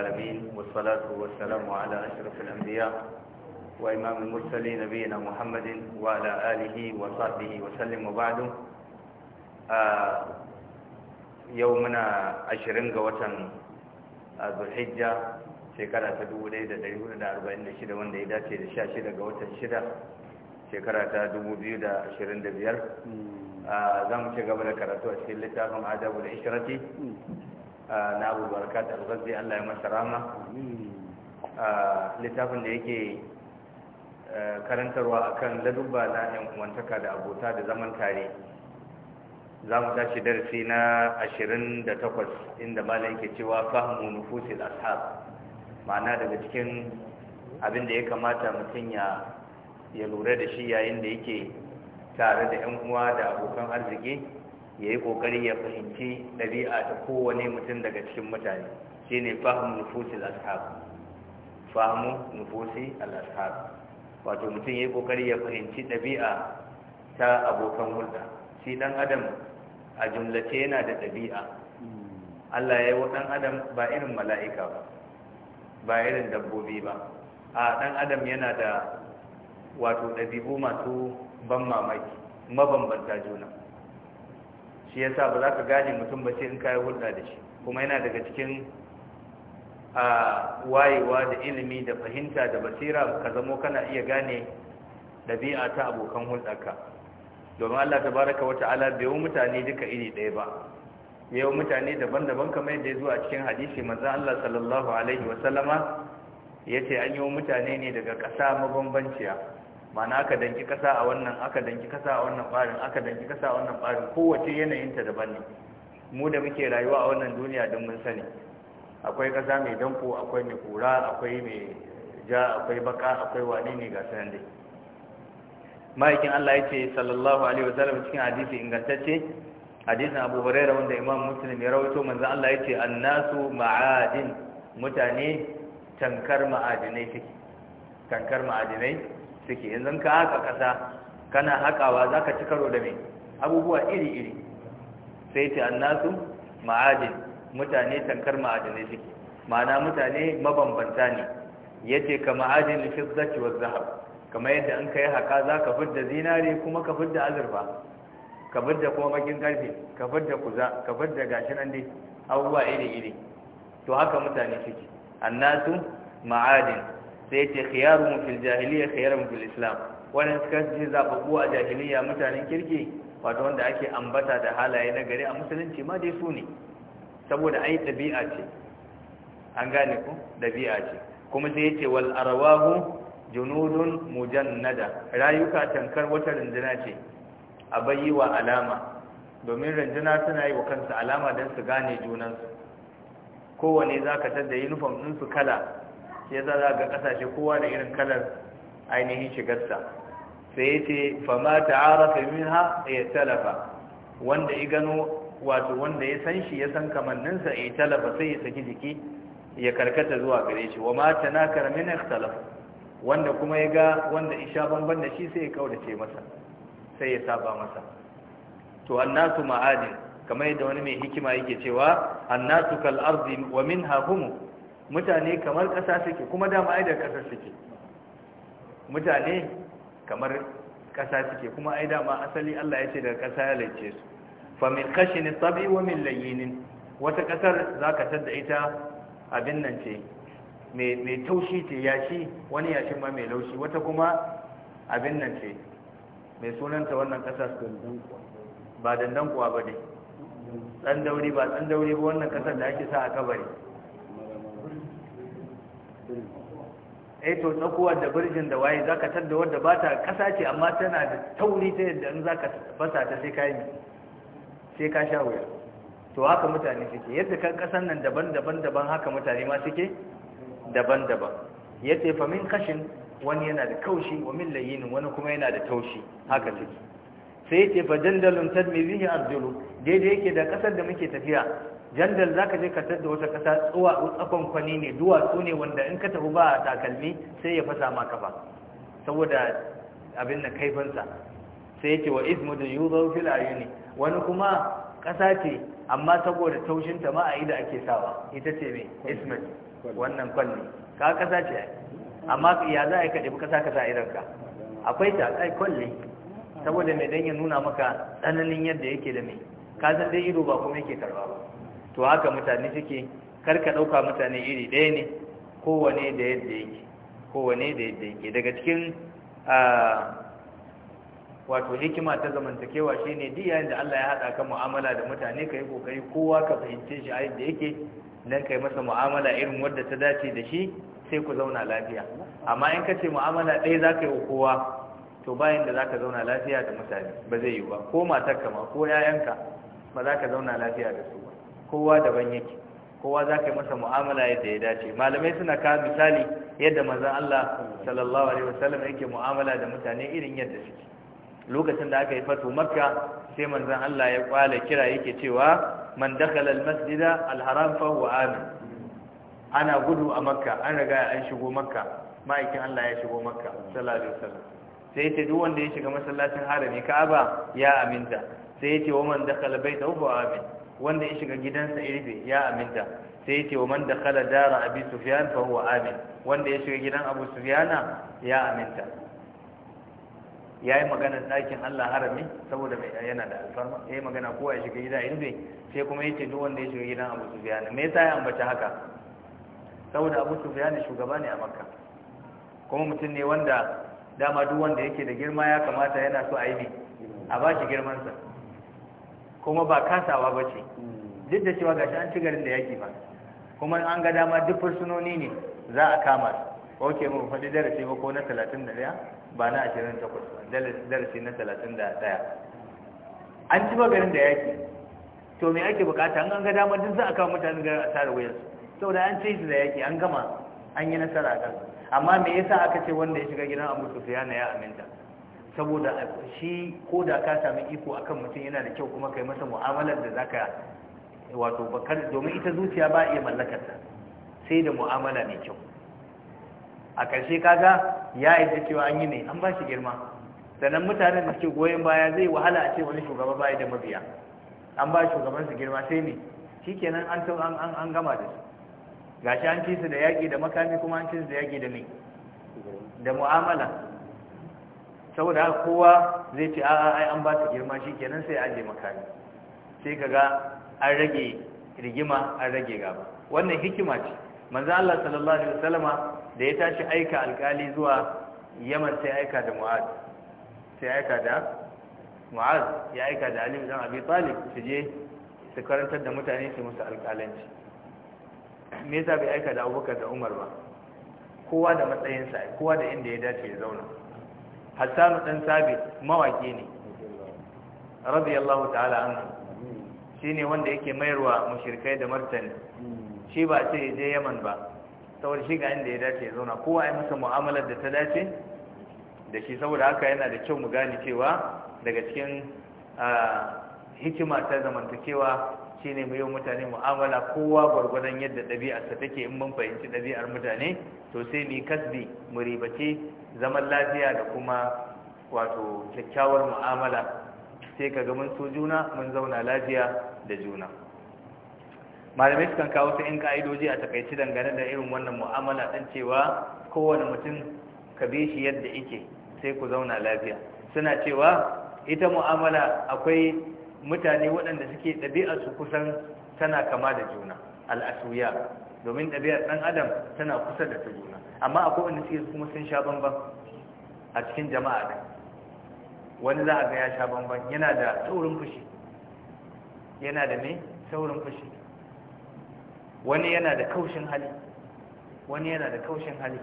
العالمين والصلاة والسلام على أشرف الأنبياء وإمام المرسلين نبينا محمد وعلى آله وصحبه وسلم وبعد يومنا عشرين قوة ذو الحجة shekara ta dubu ɗaya da da da ɗari arba'in shida wanda ya dace da sha shida ga watan shida shekara dubu biyu da da biyar. za mu ci gaba da karatu a cikin littafin adabu da ishirati na abu barka da algazi allah ya masa littafin da yake karantarwa akan ladubba na yan uwantaka da abota da zaman tare za mu tashi darasi na ashirin da takwas inda malam yake cewa fahimu nufusil ashab ma'ana daga cikin abin da ya kamata mutum ya lura da shi yayin da yake tare da yan uwa da abokan arziki ya yi ƙoƙari ya fahimci ɗabi'a ta kowane mutum daga cikin mutane shi ne fahimu nufusi al'ashab fahimu nufusi al'ashab wato mutum ya yi ƙoƙari ya fahimci ɗabi'a ta abokan hulɗa shi ɗan adam a jumlace yana da ɗabi'a Allah ya yi wa ɗan adam ba irin mala'ika ba ba irin dabbobi ba a ɗan adam yana da wato ɗabi'u masu ban mamaki mabambanta juna shi yasa ba za ka gane mutum ba sai in kayi hulɗa da shi kuma yana daga cikin a wayewa da ilimi da fahimta da basira ka zamo kana iya gane ɗabi'a ta abokan hulɗarka domin Allah baraka wa ta'ala bai mutane duka iri ɗaya ba yau mutane daban-daban kamar yadda ya zo a cikin hadisi manzon Allah sallallahu alaihi wa sallama yace an yi mutane ne daga ƙasa mabambanciya mana aka danki kasa a wannan aka danki kasa a wannan barin aka danki kasa a wannan barin kowace yanayinta daban ne mu da muke rayuwa a wannan duniya don mun sani akwai kasa mai danko akwai mai kura akwai mai ja akwai baka akwai wane ne ga sanan dai ma'aikin Allah ya ce sallallahu alaihi wa sallam cikin hadisi ingantacce hadisin Abu Hurairah wanda Imam Muslim ya rawaito manzo Allah ya ce annasu ma'adin mutane tankar ma'adinai take tankar ma'adinai suke yanzu ka haka ƙasa kana haƙawa za ka ci karo da mai abubuwa iri-iri sai ce annasu ma'adin mutane tankar ma'adinai suke ma'ana mutane mabambanta ne ya ce ka ma'adin fizzaci wa zahab kamar yadda an ka yi haka za ka fidda zinare kuma ka fidda azurfa ka fidda kuma bakin ƙarfe, ka fidda kuza ka fidda gashi nan dai abubuwa iri-iri to haka mutane suke annasu ma'adin sai khiyaru mu fil jahiliya khiyaruhum fil islam wannan suka ce zababbu a jahiliya mutanen kirki wato wanda ake ambata da halaye na gari a musulunci ma dai su ne saboda ai dabi'a ce an gane ku dabi'a ce kuma sai yace wal arwahu junudun mujannada rayuka tankar wata rinjina ce a wa alama domin rinjina suna yi wa kansu alama don su gane junansu kowane za ka tadda yunifom ɗinsu kala sai za za ga kasashe kowa da irin kalar ainihin shigarsa sai yace fa ma ta'arafa minha ya talafa wanda ya gano wato wanda ya san shi ya san kamanninsa ya talafa sai ya saki jiki ya karkata zuwa gare shi wa ma tanakara min ikhtalaf wanda kuma ya ga wanda isha banban da shi sai ya kaudace masa sai ya saba masa to annasu ma'adin kamar yadda wani mai hikima yake cewa annasu kal ardi wa minha humu mutane kamar ƙasa suke kuma dama ai da ƙasa suke mutane kamar ƙasa suke kuma ai dama asali Allah ya ce daga ƙasa ya laice su fa min khashin tabi wa min layyin wata ƙasar zaka tada ita abin nan ce mai taushi ce yashi wani yashi ma mai laushi wata kuma abin nan ce mai sunanta wannan ƙasar ba dandan kuwa ba ne ɗan dauri ba dan dauri ba wannan ƙasar da ake sa a kabari eh to tsakuwa da birjin da waye zaka tadda wanda ba ta kasa ce amma tana da tauri ta yadda in zaka fasa ta sai kai sai ka sha wuya to haka mutane suke yadda kan kasan nan daban-daban daban haka mutane ma suke daban-daban yace fa min kashin wani yana da kaushi wa min layyin wani kuma yana da taushi haka suke sai yace fa jandalun tadmizihi arjulu daidai yake da kasar da muke tafiya jandal za ka je ka tada wata kasa tsuwa tsakon kwani ne duwatsu ne wanda in ka tafi ba a takalmi sai ya fasa ma kafa saboda abin da kaifansa sai yake wa izmu da yuzo fil ayuni wani kuma kasa ce amma saboda taushin ta ma a ida ake sawa ita ce mai ismat wannan kwalli ka kasa ce amma ya za a ka ɗabi kasa kasa irin ka akwai ta kai kwalli saboda mai dan ya nuna maka tsananin yadda yake da mai ka san dai ido ba kuma yake karba ba to haka mutane suke karka ɗauka mutane iri ɗaya ne kowane da yadda yake kowane da yadda yake daga cikin wato hikima ta zamantakewa shi ne duk yayin da Allah ya haɗa ka mu'amala da mutane ka yi ƙoƙari kowa ka fahimce shi a yadda yake don ka yi masa mu'amala irin wadda ta dace da shi sai ku zauna lafiya amma in ka ce mu'amala ɗaya za ka yi wa kowa to bayan da za ka zauna lafiya da mutane ba zai yi ba ko matarka ma ko 'ya'yanka ba za ka zauna lafiya da su ba kowa daban yake kowa za ka yi masa mu'amala yadda ya dace malamai suna ka misali yadda manzan Allah sallallahu alaihi wasallam yake mu'amala da mutane irin yadda suke lokacin da aka yi fatu makka sai manzan Allah ya kwale kira yake cewa man dakhala al masjid al-haram fa huwa amin ana gudu a makka an riga an shigo makka ma'aikin Allah ya shigo makka sallallahu alaihi wasallam sai yace duk wanda ya shiga masallacin harami ka'aba ya aminta sai yace wa man dakhala baita huwa amin wanda ya shiga gidansa irbe ya aminta sai ce wa man dakhala dara abi sufiyan fa huwa amin wanda ya shiga gidan abu sufiyana ya aminta ya yi magana dakin Allah harami saboda mai yana da alfarma ya yi magana kowa ya shiga gida irbe sai kuma ya ce duk wanda ya shiga gidan abu sufiyana me yasa ya ambaci haka saboda abu sufiyana shugaba ne a makka kuma mutum ne wanda dama duk wanda yake da girma ya kamata yana so a yi a ba shi girmansa kuma ba kasawa ba ce duk da cewa gashi an ci garin da yaki ba kuma an ga dama duk fursunoni ne za a kama su ok mu faɗi darasi ba ko na talatin da ɗaya ba na ashirin takwas ba darasi na talatin da ɗaya an ci garin da yaki to me ake bukata an ga dama duk za a kawo mutane garin a tare sau saboda an ci su da yaki an gama an yi nasara a kansu amma me yasa aka ce wanda ya shiga gidan abu sufiya na ya aminta saboda shi ko da ka sami iko akan mutum yana da kyau kuma kai masa mu'amalar da zaka wato bakar domin ita zuciya ba iya mallakar ta sai da mu'amala mai kyau a ƙarshe kaga ya yadda cewa an yi ne an ba shi girma sannan mutanen da suke goyon baya zai wahala a ce wani shugaba baya da mabiya an ba shugaban su girma sai ne shikenan an an an gama da su gashi an ci su da yaƙi da makami kuma an ci su da yaƙi da mai da mu'amala saboda haka kowa zai ce a'a ai an ba ta girma shi kenan sai an je makami sai ga an rage rigima an rage gaba wannan hikima ce manzo Allah sallallahu alaihi wasallama da ya tashi aika alkali zuwa Yaman sai aika da Mu'az sai aika da Mu'az ya aika da Ali ibn Abi Talib su je su karantar da mutane su musu alkalanci me yasa bai aika da Abubakar da Umar ba kowa da matsayinsa kowa da inda ya dace ya zauna hassanu dan sabi mawaki ne radiyallahu ta'ala anhu shine wanda yake mayarwa mushrikai da martani shi ba ce je Yaman ba saboda shi ga inda ya dace ya zauna kowa ya masa mu'amalar da ta dace da shi saboda haka yana da kyau mu gane cewa daga cikin hikima ta zamantakewa shine mu yi mutane mu'amala kowa gwargwadon yadda ɗabi'arsa take in mun fahimci ɗabi'ar mutane to sai mu kasbi mu ribace zaman lafiya da kuma wato kyakkyawar mu'amala sai ka ga mun so juna mun zauna lafiya da juna malamai sukan kawo su in ka'idoji a takaici dangane da irin wannan mu'amala ɗin cewa kowane mutum ka bi shi yadda yake sai ku zauna lafiya suna cewa ita mu'amala akwai mutane waɗanda suke ɗabi'a su kusan tana kama da juna al'asuya domin ɗabi'ar ɗan adam tana kusa da ta juna amma a wanda suke kuma sun sha bamban a cikin jama'a ɗin wani za a ga ya sha bamban yana da saurin fushi yana da me saurin fushi wani yana da kaushin hali wani yana da kaushin hali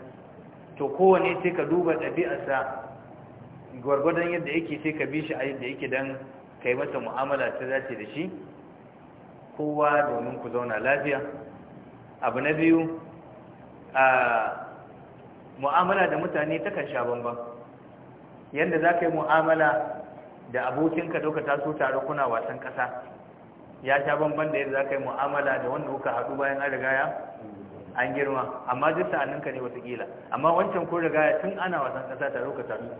to kowane sai ka duba ɗabi'arsa gwargwadon yadda yake sai ka bi shi a yadda yake don ka yi masa mu'amala ta dace da shi kowa domin ku zauna lafiya abu na biyu a mu'amala da mutane ta kan sha bamban yadda za ka yi mu'amala da abokinka da ta taso tare kuna wasan ƙasa ya sha bamban da yadda za ka yi mu'amala da wanda kuka haɗu bayan an rigaya an girma amma duk sa'anninka ne watakila amma wancan ko rigaya tun ana wasan ƙasa tare kuka taso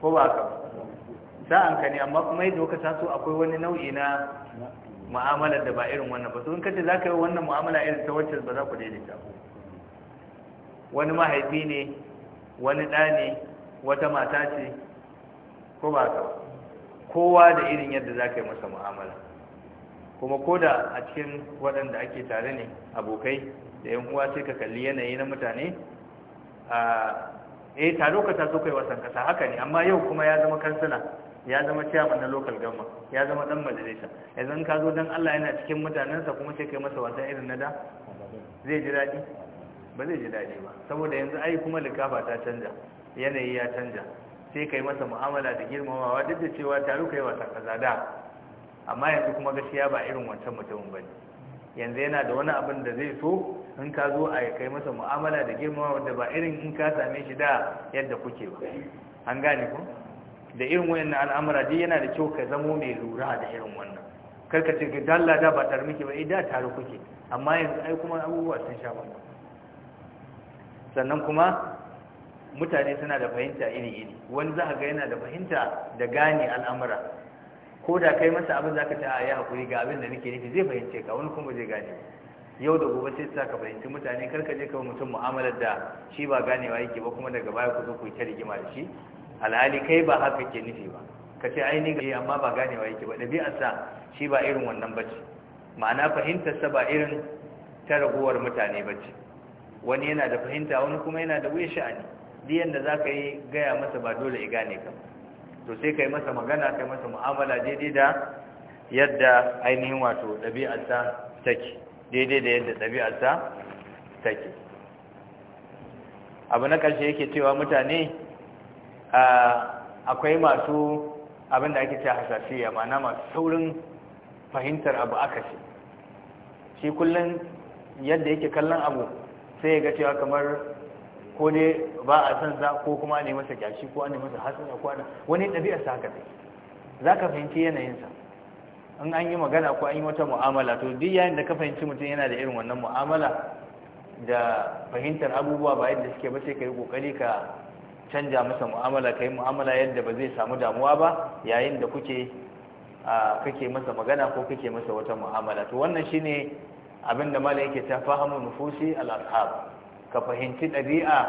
ko ba ka sa'anka ne amma kuma yadda kuka taso akwai wani nau'i na mu'amalar da ba irin wannan ba sun kace za ka yi wannan mu'amala irin ta wacce ba za ku daidaita wani mahaifi ne wani ɗa ne wata mata ce ko ba ka kowa da irin yadda za ka yi masa mu'amala kuma ko da a cikin waɗanda ake tare ne abokai da yan uwa sai ka kalli yanayi na mutane a eh taro ka taso kai wasan kasa haka ne amma yau kuma ya zama kansina. ya zama chairman na local government ya zama dan majalisa yanzu ka zo dan Allah yana cikin mutanensa kuma sai kai masa wasan irin na da zai ji daɗi ba zai ji daɗi ba saboda yanzu ai kuma likafa ta canja yanayi ya canja sai kai masa mu'amala da girmamawa duk da cewa taru kai wasa kaza da amma yanzu kuma gaskiya ba irin wancan mutumin bane yanzu yana da wani abin da zai so in ka zo a kai masa mu'amala da girmamawa wanda ba irin in ka same shi da yadda kuke ba an gane ku da irin wayannan al'amura dai yana da kyau ka zamo mai lura da irin wannan karka ce ga dalla da ba tare muke ba eh da tare kuke amma yanzu ai kuma abubuwa sun sha bamban sannan kuma mutane suna da fahimta iri-iri wani za ga yana da fahimta da gane al'amura ko da kai masa abin za ka ta a yi haƙuri ga abin da nake nufi zai fahimce ka wani kuma zai gane yau da gobe sai sa ka fahimci mutane karka je kawai mutum mu'amalar da shi ba ganewa yake ba kuma daga baya ku zo ku yi ta rigima da shi alhali kai ba haka ke nufi ba ka ce ainihin amma ba ganewa yake ba ɗabi'arsa shi ba irin wannan bacci, ma'ana fahimtarsa ba irin ta raguwar mutane bacci. wani yana da fahimta wani kuma yana da wuya sha'ani duk da za ka yi gaya masa ba dole ya gane ka to sai ka yi masa magana ka yi masa mu'amala daidai da yadda ainihin wato ɗabi'arsa take daidai da yadda ɗabi'arsa take abu na ƙarshe yake cewa mutane akwai masu abin da ake ce hasashiya ma'ana masu saurin fahimtar abu aka shi kullum yadda yake kallon abu sai ya ga cewa kamar ko dai ba a san za ko kuma ne masa gyashi ko ne masa hasan ko ana wani ɗabi'ar sa haka za ka fahimci yanayinsa in an yi magana ko an yi wata mu'amala to duk yayin da ka fahimci mutum yana da irin wannan mu'amala da fahimtar abubuwa ba yadda suke ba sai ka yi kokari ka canja masa mu'amala kai mu'amala yadda ba zai samu damuwa ba yayin da kuke kake masa magana ko kake masa wata mu'amala to wannan shine abin da malai yake ta fahimu nufusi al ka fahimci ɗabi'a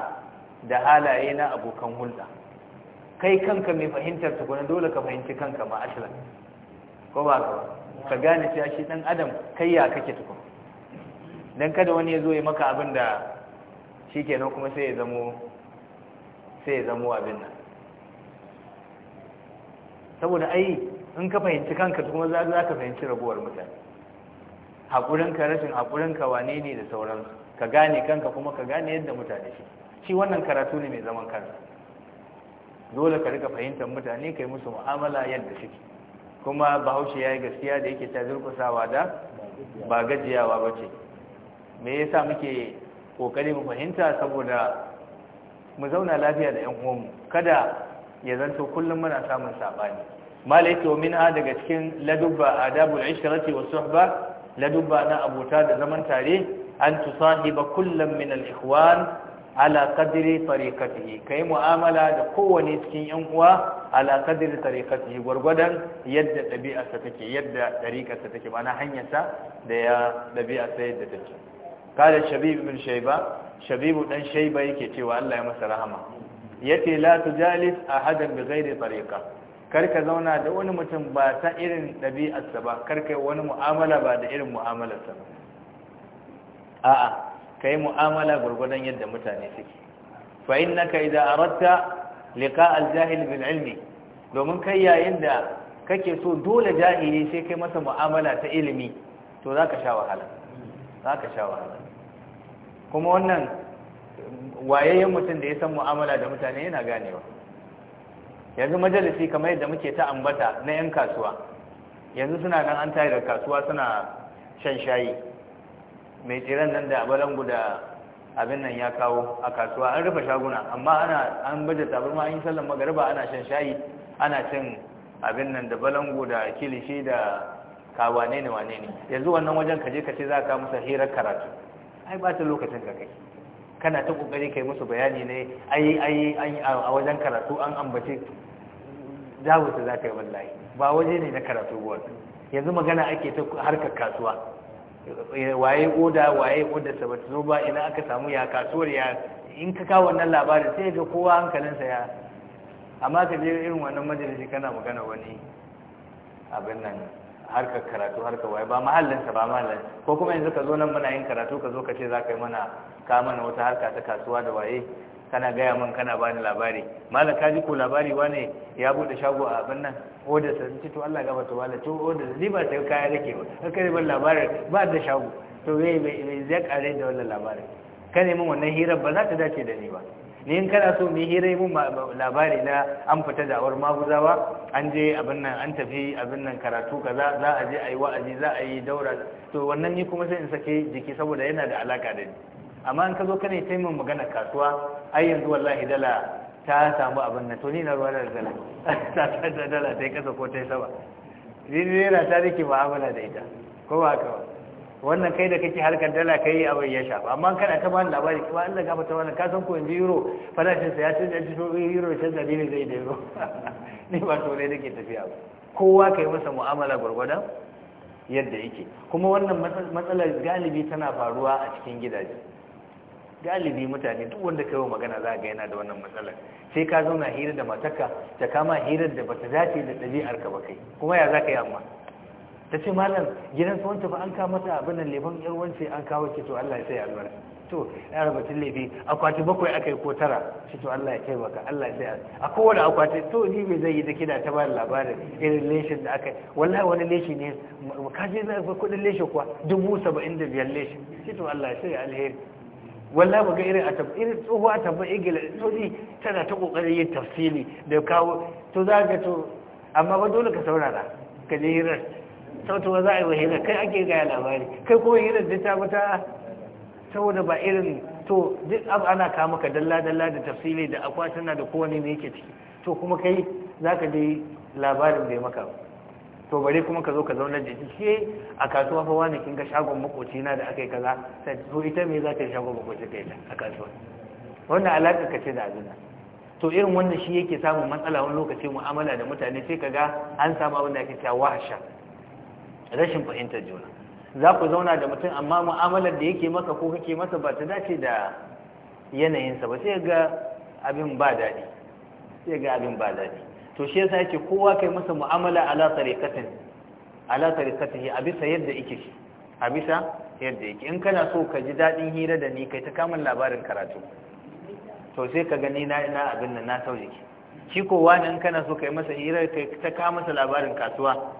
da halaye na abokan hulɗa kai kanka mai fahimtar tukuna dole ka fahimci kanka ma ashirin ko ba ka ka gane cewa shi dan adam kai ya kake tukun dan kada wani ya zo ya maka abin da shikenan kuma sai ya zamo sai ya zamo abin nan saboda ai in ka fahimci kanka kuma za ka fahimci rabuwar mutane haƙurinka rashin haƙurinka wane ne da sauransu ka gane kanka kuma ka gane yadda mutane shi shi wannan karatu ne mai zaman kansa dole ka rika fahimtar mutane ka yi musu mu'amala yadda shi. kuma bahaushe ya yi gaskiya da yake ta zurkusawa da ba gajiyawa ba ce me yasa muke kokari mu fahimta saboda mu zauna lafiya da yan uwanmu kada ya zanto kullum muna samun sabani malaika wa a daga cikin ladubba adabul ishrati was suhba ladubba na abota da zaman tare an tusahiba kullum min al ikhwan ala qadri tariqatihi kai mu'amala da kowane cikin yan uwa ala qadri tariqatihi gurgurdan yadda ɗabi'arsa take yadda ɗariƙarsa take ma'ana hanyarsa da ya ɗabi'arsa yadda take kada shabib ibn shayba shabibu dan shaiba yake cewa Allah ya masa rahama yace la tujalis ahadan bi ghairi tariqa karka zauna da wani mutum ba ta irin sa ba kar ka wani mu'amala ba da irin sa a a kai mu'amala gurgurdan yadda mutane suke fa innaka idza aradta liqa al-jahil bil ilmi domin kai yayin da kake so dole jahili sai kai masa mu'amala ta ilimi to zaka sha wahala zaka sha wahala kuma wannan wayayyen mutum da ya san mu'amala da mutane yana ganewa yanzu majalisi kamar yadda muke ta ambata na 'yan kasuwa yanzu suna nan an tayar da kasuwa suna shan shayi mai tsiran nan da abalangu da abin nan ya kawo a kasuwa an rufe shaguna amma ana an baje ma an sallan magariba ana shan shayi ana cin abin nan da balangu da kilishi da kawane ne wane ne yanzu wannan wajen kaje kace za ka musa hirar karatu ai ba ta lokacin ka kai kana ta kokari kai musu bayani ne ai ai a wajen karatu an ambace dawo ta zaka wallahi ba waje ne na karatu ba yanzu magana ake ta harkar kasuwa waye oda waye oda sabata zo ba ina aka samu ya kasuwar ya in ka kawo wannan labarin sai ga kowa hankalinsa ya amma ka je irin wannan majalisi kana magana wani abin nan harkar karatu harkar waye ba mahallinsa ba mahallin ko kuma yanzu ka zo nan muna yin karatu ka zo ka ce za ka yi mana ka mana wata harka ta kasuwa da waye kana gaya min kana bani labari malam ka ji ko labari wane ya bude shago a abin nan oda sun ce to Allah gaba to wala to oda ni ba sai kaya rake ba kai ban labarin ba da shago to wai zai kare da wannan labarin ka nemi wannan hirar ba za ta dace da ni ba ne in kana so mu hira mun labari na an fita da'awar maguzawa an je abin nan an tafi abin nan karatu kaza za a je a yi wa'azi za a yi daura to wannan ni kuma sai in sake jiki saboda yana da alaka da ni amma an ka zo kana yi min magana kasuwa ai yanzu wallahi dala ta samu abin nan to ni na ruwa da dala ta ta dala ta yi kasa ko ta yi sama ni ne ta rike mu'amala da ita ko ba haka ba wannan kai da kake harkar dala kai abin ya shafa amma kana ta bani labari kuma Allah gafa ta wannan kasan ko yanzu euro farashin sa ya ce da shi to euro canza ne zai da euro ni ba to ne nake tafiya ba kowa kai masa mu'amala gurgurda yadda yake kuma wannan matsalar galibi tana faruwa a cikin gidaje galibi mutane duk wanda kai magana za ga yana da wannan matsalar sai ka zauna hira da matarka ta kama hirar da bata dace da ɗabi'arka ba kai kuma ya za ka yi amma ta ce malam gidan su wanta an kawo mata abin nan leban yar wance an kawo ki to Allah ya sai albarka to ya tun laifi akwati bakwai aka yi ko tara shi to Allah ya kai baka Allah ya sai a kowane akwati to ni me zai yi da kina ta bani labarin irin leshin da aka wallahi wani leshi ne ka je na kudin leshi kuwa dubu saba'in da biyar leshi shi to Allah ya sai alheri wallahi mu ga irin a tabbai irin tsohuwa tabbai igila to ni tana ta kokarin yin tafsiri da kawo to za ka to amma ba dole ka saurara ka je hirar sautuwa za a yi wa kai ake gaya labari kai kuma irin da ta mata saboda ba irin to duk ana kama ka dalla-dalla da tafsiri da akwatuna da kowane mai yake ciki to kuma kai za ka dai labarin bai maka to bare kuma ka zo ka zauna da shi a kasuwa fa wani kin ga shagon makoci na da aka yi kaza sai to ita me za ta yi shagon makoci ta ita a kasuwa wannan alaƙa ka ce da abin to irin wannan shi yake samun matsala wani lokaci mu'amala da mutane sai ka ga an samu abin da ake cewa wahasha rashin fahimtar juna za ku zauna da mutum amma mu'amalar da yake maka ko kake masa ba ta dace da yanayinsa ba sai ga abin ba daɗi sai ga abin ba daɗi to shi yasa yake kowa kai masa mu'amala ala tariqatin ala tariqatihi a bisa yadda yake shi a bisa yadda yake in kana so ka ji daɗin hira da ni kai ta kamun labarin karatu to sai ka gani na ina abin nan na sau ki shi ko wani in kana so kai masa hira kai ta kama masa labarin kasuwa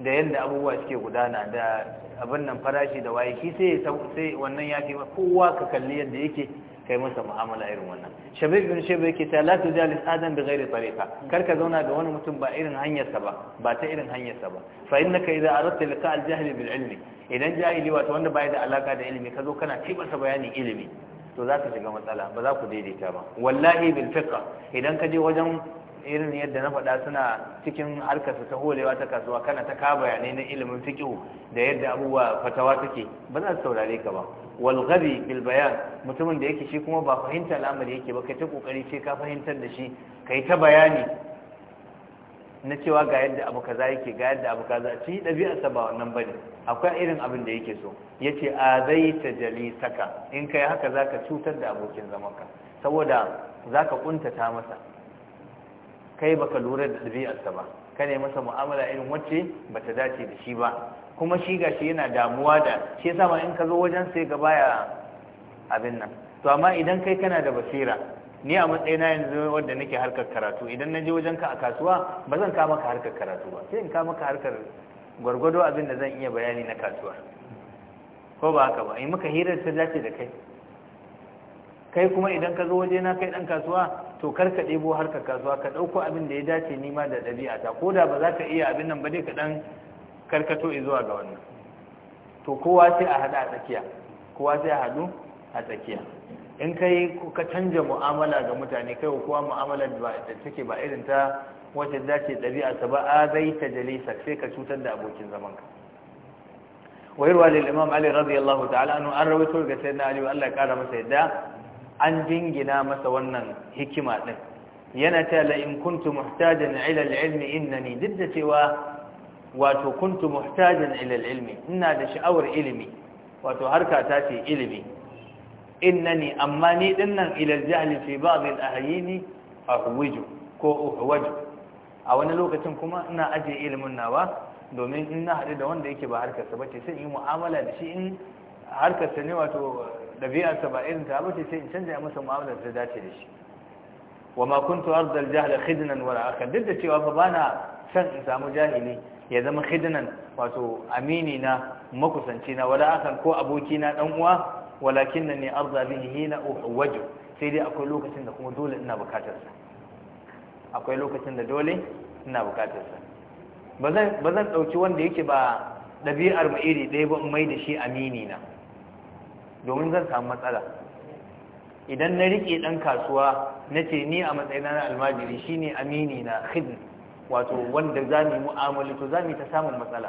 da yadda abubuwa suke gudana da abin nan farashi da waye shi sai sai wannan ya fi kowa ka kalli yadda yake kai masa mu'amala irin wannan shabib bin shabe yake ta la tujalis adam bi ghairi tariqa kar ka zauna da wani mutum ba irin hanyarsa ba ba ta irin hanyarsa ba fa innaka idza aradta liqa al jahl bil ilmi idan jahili wato wanda bai da alaka da ilimi ka zo kana tibasa bayanin ilimi to za ka shiga matsala ba za ku daidaita ba wallahi bil fiqh idan ka je wajen irin yadda na faɗa suna cikin harkarsa ta holewa ta kasuwa kana ta ka bayanai na ilimin fiqhu da yadda abubuwa fatawa take ba za su saurare ka ba wal ghabi bil bayan mutumin da yake shi kuma ba fahimta al'amari yake ba kai ta kokari sai ka fahimtar da shi kai ta bayani na cewa ga yadda abu kaza yake ga yadda abu kaza shi ɗabi'arsa ba wannan bane akwai irin abin da yake so yace azaita jalisaka in kai haka zaka cutar da abokin zamanka saboda zaka kuntata masa kai baka lura da ɗabi'arsa ba ka ne masa mu'amala irin wacce ta dace da shi ba kuma shi shi yana damuwa da shi yasa ma in ka zo wajen sai ga baya abin nan to amma idan kai kana da basira ni a matsayina yanzu wanda nake harkar karatu idan na je wajen ka a kasuwa ba zan ka maka harkar karatu ba sai in ka maka harkar gwargwado abin da zan iya bayani na kasuwa ko ba haka ba in maka hirar ta dace da kai kai kuma idan ka zo waje na kai dan kasuwa to kar ka ɗebo harkar kasuwa ka ɗauko abin da ya dace nima da ɗabi'a ta ko da ba za ka iya abin nan ba dai ka ɗan karkato zuwa ga wannan to kowa sai a haɗa a tsakiya kowa sai a haɗu a tsakiya in kai ka canja mu'amala ga mutane kai kowa mu'amala da take ba irin ta wacce dace ɗabi'a ta ba a zai ta jalisa sai ka cutar da abokin zamanka wayarwa lil imam ali radiyallahu ta'ala anhu an rawaito ga sayyidina ali Allah ya kara masa yadda an dingina masa wannan hikima din yana ta la in kuntu muhtajan ila al-ilmi innani didda cewa wato kuntu muhtajan ila al-ilmi ina da sha'awar ilimi wato harka ta ce ilimi innani amma ni dinnan ila al-jahli fi ba'd al-ahyini ahwiju ko uhwaju a wani lokacin kuma ina aje ilimin nawa domin ina haɗu da wanda yake ba harkarsa ba ce sai yi mu'amala da shi in harkarsa ne wato ɗabi'arsa ba irin ta bace sai in canja masa mu'amalar da dace da shi wa ma kuntu arda al-jahl khidnan wala akhan duk da cewa fa bana san in samu jahili ya zama khidnan wato amini na makusanci na wala akhan ko aboki na dan uwa walakinnani arda bihi hina uhwaju sai dai akwai lokacin da kuma dole ina bukatar sa akwai lokacin da dole ina bukatar sa bazan bazan dauki wanda yake ba dabi'ar mu iri ɗaya ba mai da shi amini na domin zan samu matsala idan na rike dan kasuwa na ce ni a matsayina na almajiri shine amini na khidmi wato wanda za mu mu'amala to za mu ta samun matsala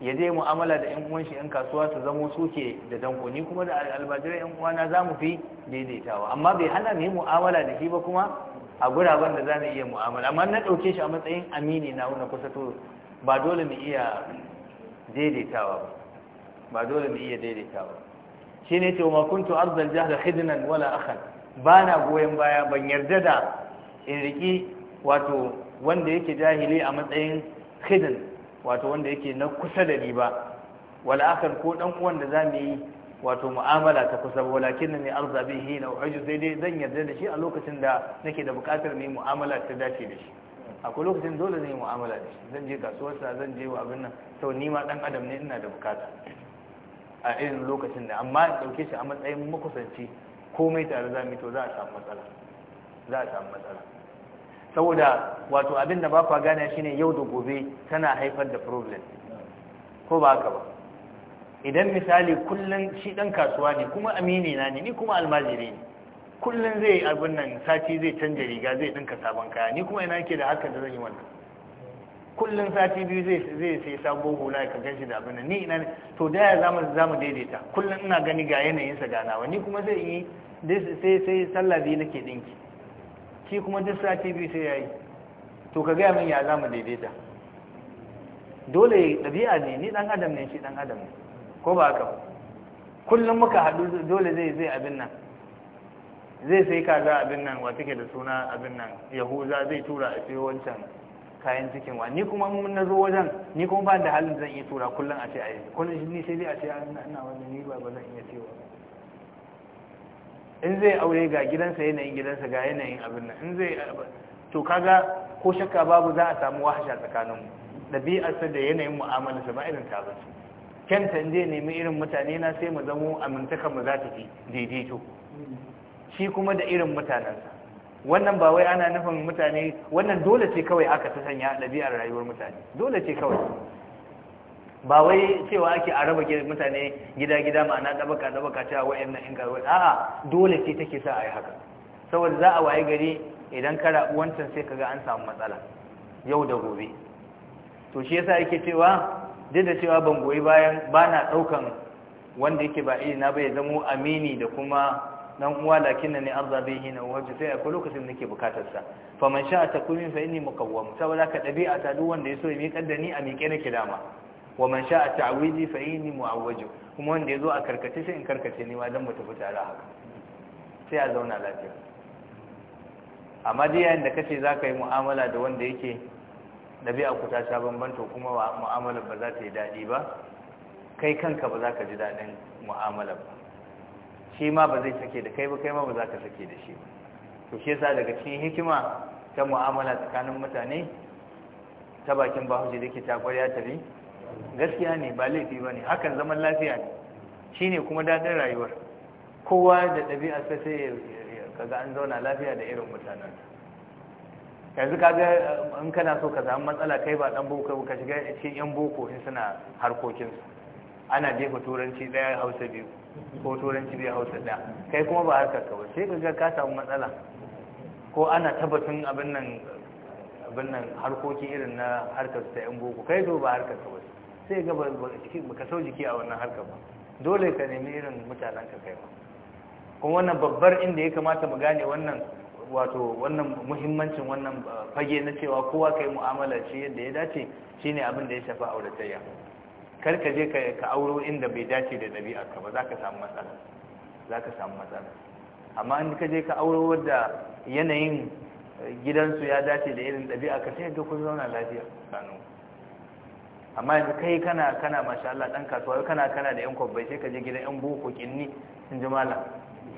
ya je mu'amala da yan uwan shi yan kasuwa su zamo suke da danko ni kuma da almajirai yan uwana za mu fi daidaitawa amma bai hana mu yi mu'amala da shi ba kuma a guraben da za mu iya mu'amala amma na dauke shi a matsayin amini na wuna kusa to ba dole mu iya daidaitawa ba ba dole mu iya daidaitawa shi ne ce wa kuntu arzal jahla hidinan wala akhal ba na goyon baya ban yarda da in riki wato wanda yake jahili a matsayin hidin wato wanda yake na kusa da ni ba wala akhal ko dan uwan da zamu yi wato mu'amala ta kusa ba walakin ne arza bihi na aju sai dai zan yarda da shi a lokacin da nake da bukatar ne mu'amala ta dace da shi akwai lokacin dole zan yi mu'amala da shi zan je kasuwarsa zan je wa abin nan to ni ma dan adam ne ina da bukata a irin lokacin da amma in ɗauke shi a matsayin makusanci komai tare za mu to za a samu matsala za a samu matsala saboda wato abin da ba kwa gane shine yau da gobe tana haifar da problem ko ba haka ba idan misali kullum shi dan kasuwa ne kuma amini na ne ni kuma almajiri ne kullum zai abin nan sati zai canja riga zai ɗinka sabon kaya ni kuma ina ke da haka da zan yi wannan kullum sati biyu zai zai sai sabo hula ka shi da abin ni ina ne to da ya zamu zamu daidaita kullum ina gani ga yanayin sa ganawa ni kuma zai yi sai sai sallah biyu nake dinki ki kuma duk sati biyu sai yayi to ka ga min ya zamu daidaita dole ɗabi'a ne ni dan adam ne shi dan adam ne ko ba haka kullum muka haɗu dole zai zai abin nan zai sai kaza abin nan wa take da suna abin nan yahuza zai tura a sai wancan kayan cikin wa ni kuma mun nazo wajen ni kuma ba da halin zan iya tura kullum a ce a yi shi ni sai dai a ce ina wannan ni ba zan iya cewa in zai aure ga gidansa yanayin gidansa ga yanayin abin nan in zai to kaga ko shakka babu za a samu wahasha tsakaninmu ɗabi'arsa da yanayin mu'amalarsa ba irin ta ba ta je nemi irin mutane na sai mu zamo amintaka mu za ta fi daidaito shi kuma da irin mutanensa wannan ba wai ana nufin mutane wannan dole ce kawai aka ta sanya ɗabi'ar rayuwar mutane dole ce kawai ba wai cewa ake a raba mutane gida-gida ma'ana ɗabaka ɗabaka cewa wa'yan nan in karuwa a'a dole ce take sa a yi haka saboda za a waye gari idan kara wancan sai kaga an samu matsala yau da gobe to shi yasa yake cewa duk da cewa ban goyi bayan ba na ɗaukan wanda yake ba iri na bai zamo amini da kuma dan uwa lakinna ne arzabi hina wajhi sai akwai lokacin nake bukatar sa fa man sha'a takumin fa inni muqawwam saboda ka dabi'a ta duk wanda yaso ya miƙar da ni a miƙe nake dama wa man sha'a ta'widi fa inni mu'awwaju kuma wanda yazo a karkace sai in karkace ni ma dan mu tafi tare haka sai a zauna lafiya amma dai yayin da kace zaka yi mu'amala da wanda yake dabi'a ku ta sha bambanta kuma mu'amalar ba za ta yi dadi ba kai kanka ba za ka ji dadin mu'amalar ba shi ma ba zai sake da kai ba kai ma ba za ka sake da shi ba to shi yasa daga cikin hikima ta mu'amala tsakanin mutane ta bakin bahaushe da ke takwar ya tafi gaskiya ne ba laifi ba ne hakan zaman lafiya ne shi ne kuma daɗin rayuwar kowa da ɗabi'a ta sai kaga an zauna lafiya da irin mutanen yanzu kaga in kana so ka samu matsala kai ba ɗan boko ka shiga cikin yan boko in suna harkokinsu ana jefa turanci daya hausa biyu ko turanci biyu hausa daya kai kuma ba harkar ka sai ka ka samu matsala ko ana tabbatin abin nan abin nan harkoki irin na harkar ta yan boko kai zo ba harkar ka sai ga ba ka sau jiki a wannan harkar ba dole ka nemi irin mutanen ka kai ba kuma wannan babbar inda ya kamata mu gane wannan wato wannan muhimmancin wannan uh, fage na cewa kowa kai mu'amala ce yadda ya dace shine abin da ya shafa auratayya kar ka je ka auro inda bai dace da ɗabi'ar ka ba za ka samu matsala za ka samu matsala amma in ka je ka auro wadda yanayin eh, gidansu ya dace da irin ɗabi'a ka sai ga kun zauna lafiya sanu amma yanzu kai kana kana masha Allah dan kasuwa kana kana da yan kwabbai sai ka je gidan yan boko kinni sun ji mala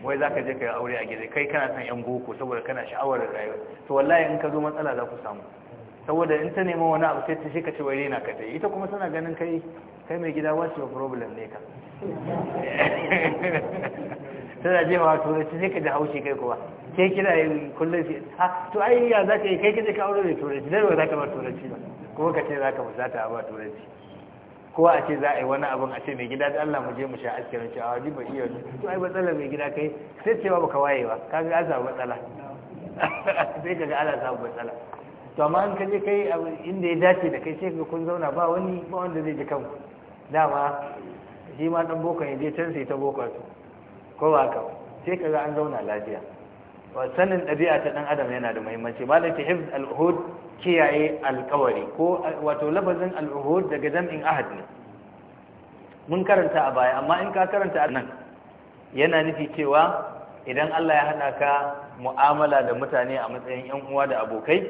wai ka je yi aure a gida kai kana san yan boko saboda kana sha'awar rayuwa to wallahi in ka zo matsala za ku samu saboda in ta neman wani abu sai ta shi ka ce wai rena ka ta ita kuma tana ganin kai kai mai gida wasu wa problem ne ka tana jewa turanci sai ka da haushi kai kuwa. kai kina yin kullum sai ha to ai ya za ka yi kai kaje ka aure mai turanci dai ba za ka turanci ba kuma ka ce za ka fusata ba turanci kowa a ce za a yi wani abin a ce mai gida da Allah mu je mu sha askirin ci a wajen ba iya wani to ai matsala mai gida kai sai cewa baka waye ba ka ga an samu matsala sai ka ga ana samu matsala to amma an kaje kai inda ya dace da kai sai ka kun zauna ba wani ba wanda zai ji kanku dama shi ma dan bokon ya je can sai ta bokon su ko ba ka sai kaga an zauna lafiya sanin ɗabi'a ta ɗan adam yana da muhimmanci ba da ta hifz al'uhud kiyaye alkawari ko wato lafazin al'uhud daga jam'in ahad ne mun karanta a baya amma in ka karanta a nan yana nufi cewa idan Allah ya hana ka mu'amala da mutane a matsayin yan uwa da abokai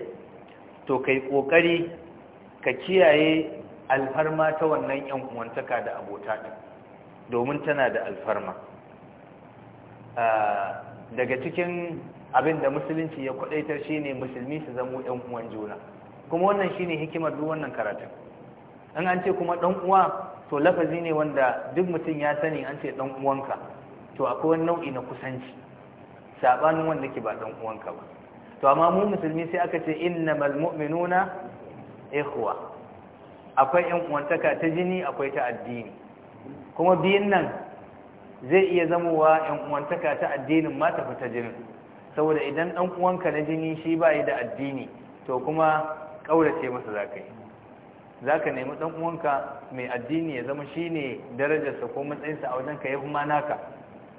to kai kokari ka kiyaye alfarma ta wannan yan uwantaka da abota din domin tana da alfarma ah, daga cikin abin da musulunci ya kwadaitar shine musulmi su zamo yan uwan juna kuma wannan shine hikimar duk wannan karatun in an ce kuma dan uwa to lafazi ne wanda duk mutum ya sani an ce dan uwanka to akwai wani nau'i na kusanci saɓanin wanda ke ba dan uwanka ba to amma mu musulmi sai aka ce innamal mu'minuna ikhwa akwai yan uwantaka ta jini akwai ta addini kuma biyun nan zai iya zamowa yan uwantaka ta addinin ma tafi ta jini saboda idan ɗan uwanka na jini shi ba yi da addini to kuma ƙaurace masa za ka yi za ka nemi ɗan'uwanka kuwanka mai addini ya zama shi ne darajarsa ko matsayinsa a ya fi ma naka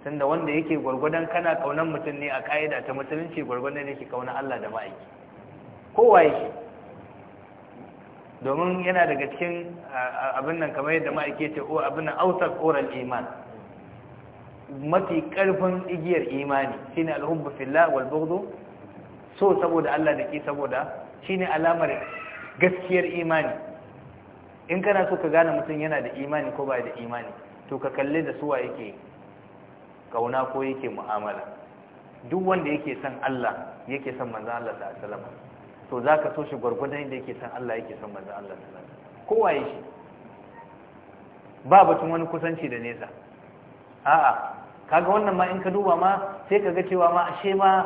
tunda wanda yake gwargwadon kana kaunan mutum ne a ka'ida ta musulunci gwargwadon yake kauna Allah da ma'aiki kowa yake domin yana daga cikin abin nan kamar yadda ma'aike ce o abin nan autar koran iman mafi karfin igiyar imani shi ne alhubba wal bughdu so saboda Allah da ke saboda shi ne alamar gaskiyar imani in kana so ka gane mutum yana da imani ko ba da imani to ka kalle da suwa yake kauna ko yake mu'amala duk wanda yake son Allah yake son manzan Allah sallallahu asalama to za ka so shi gwargwadon yadda yake san Allah yake san manzan Allah kowa ya shi ba batun wani kusanci da nesa a'a kaga wannan ma in ka duba ma sai ka ga cewa ma ashe ma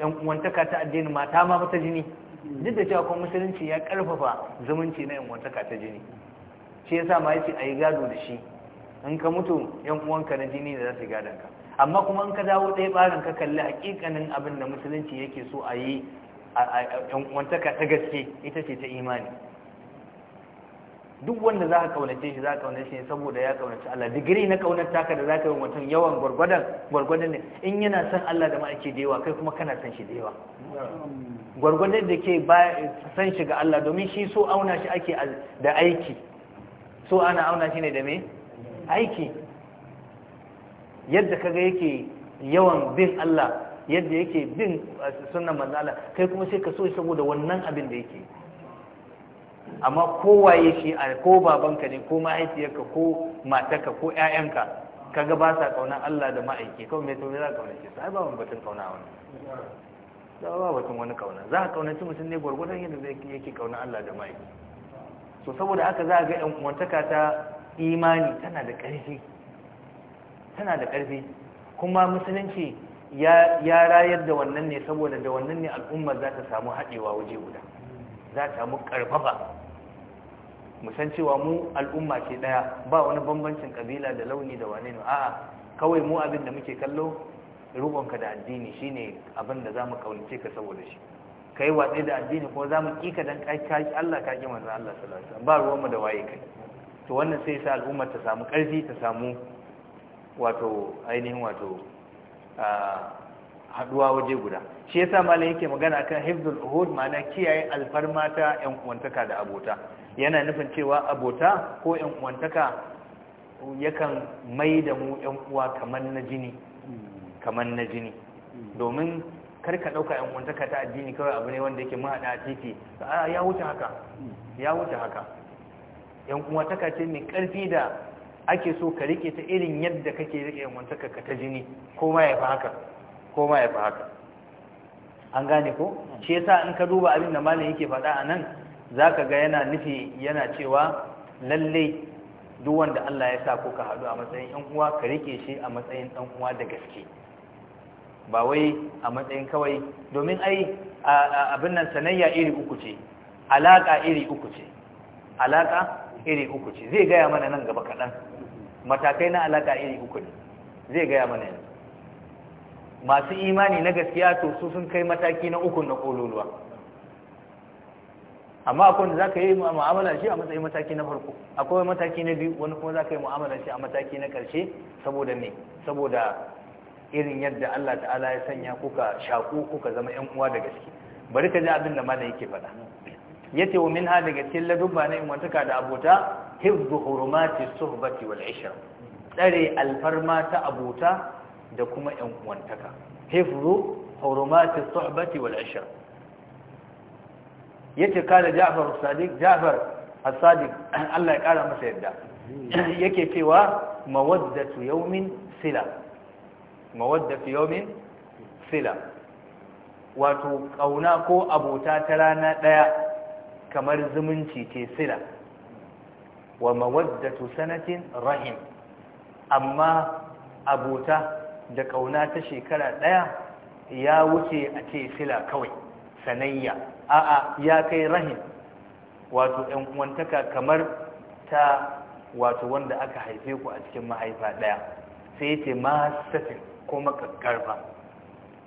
yan uwantaka ta addini ma ta ma mata jini duk da cewa kuma musulunci ya karfafa zumunci na yan uwantaka ta jini shi yasa ma yace ayi gado da shi in ka mutu yan uwanka na jini da za su gadon ka amma kuma in ka dawo ɗaya ɓarin ka kalli hakikanin abin da musulunci yake so a yi wantaka ta gaske ita ce ta imani duk wanda za ka kaunace shi za ka kaunace shi saboda ya kaunace Allah digiri na kaunar taka da za ka yi mutum yawan gwargwadon gwargwadon ne in yana son Allah da ma'aiki da yawa kai kuma kana son shi da yawa gwargwadon da ke ba san shi ga Allah domin shi so auna shi ake da aiki so ana auna shi ne da me aiki yadda kaga yake yawan bin Allah yadda yake bin eh, sunan manzala kai kuma sai ka so saboda wannan abin da yake amma kowa yake a eh, ko babanka ne ko mahaifiyarka ko matarka ko ƴaƴanka kaga ba sa kaunar Allah da ma'aiki kawai mai tauri za ka kauna ce sai ba batun kauna wani za ba batun wani kauna za ka cin mutum ne gwargwadon yadda yake kauna Allah da ma'aiki so saboda haka za a ga ƴan uwantaka ta imani tana da ƙarfi tana da ƙarfi kuma musulunci ya rayar da wannan ne saboda da wannan ne al'ummar za ta samu haɗewa waje guda za ta samu ƙarfafa musan cewa mu al'umma ce ɗaya ba wani bambancin ƙabila da launi da wane ne a'a kawai mu abin da muke kallo rubonka da addini shine abin da za mu kaunace ka saboda shi kai watsi da addini ko za mu ƙi ka dan Allah ka ƙi manzon Allah sallallahu alaihi wasallam ba mu da waye kai to wannan sai sa al'ummar ta samu ƙarfi ta samu wato ainihin wato Haɗuwa waje guda shi yasa malam yake magana kan hifdul uhud ma'ana kiyaye alfarma ta yan uwantaka da abota yana nufin cewa abota ko yan uwantaka yakan mai da mu yan uwa kamar na jini kamar na jini domin kar ka dauka yan uwantaka ta addini kawai abu ne wanda yake mahada a titi ya wuce haka ya wuce haka yan uwantaka ce mai karfi da ake so ka rike ta irin yadda kake rike yanwantaka ka ta jini ko ma ya fi haka ko ma ya haka an gane ko shi yasa in ka duba abin da malam yake faɗa a nan za ga yana nufi yana cewa lalle duk wanda Allah ya sa ko ka haɗu a matsayin ɗan uwa ka rike shi a matsayin ɗan uwa da gaske ba wai a matsayin kawai domin ai abin nan sanayya iri uku ce alaka iri uku ce alaƙa iri uku ce zai gaya mana nan gaba kaɗan matakai na alaka iri uku ne zai gaya mana yanzu masu imani na gaskiya to su sun kai mataki na uku na kololuwa amma akwai wanda za ka yi mu'amala shi a matsayin mataki na farko akwai mataki na biyu wani kuma za ka yi mu'amala shi a mataki na ƙarshe saboda ne saboda irin yadda Allah ta'ala ya sanya kuka shaku kuka zama yan uwa da gaske bari ka ji abin da malam yake faɗa yace wa minha daga cikin ladubba ne mutuka da abota hifdhu hurumati suhbati wal ishra tsare alfarma ta abota da kuma yan uwantaka hifdhu hurumati suhbati wal ishra yace kala Ja'far as-Sadiq Ja'far as-Sadiq Allah ya kara masa yadda yake cewa mawaddatu yawmin sila mawaddatu yawmin sila wato kauna ko abota ta rana daya kamar zumunci ce sila wa mawaddatu sanatin rahim amma abota da kauna ta shekara ɗaya ya wuce a ce sila kawai sanayya a'a ya kai rahim wato ɗan uwantaka kamar ta wato wanda aka haife ku a cikin mahaifa ɗaya sai ma masatin ko makakkarfa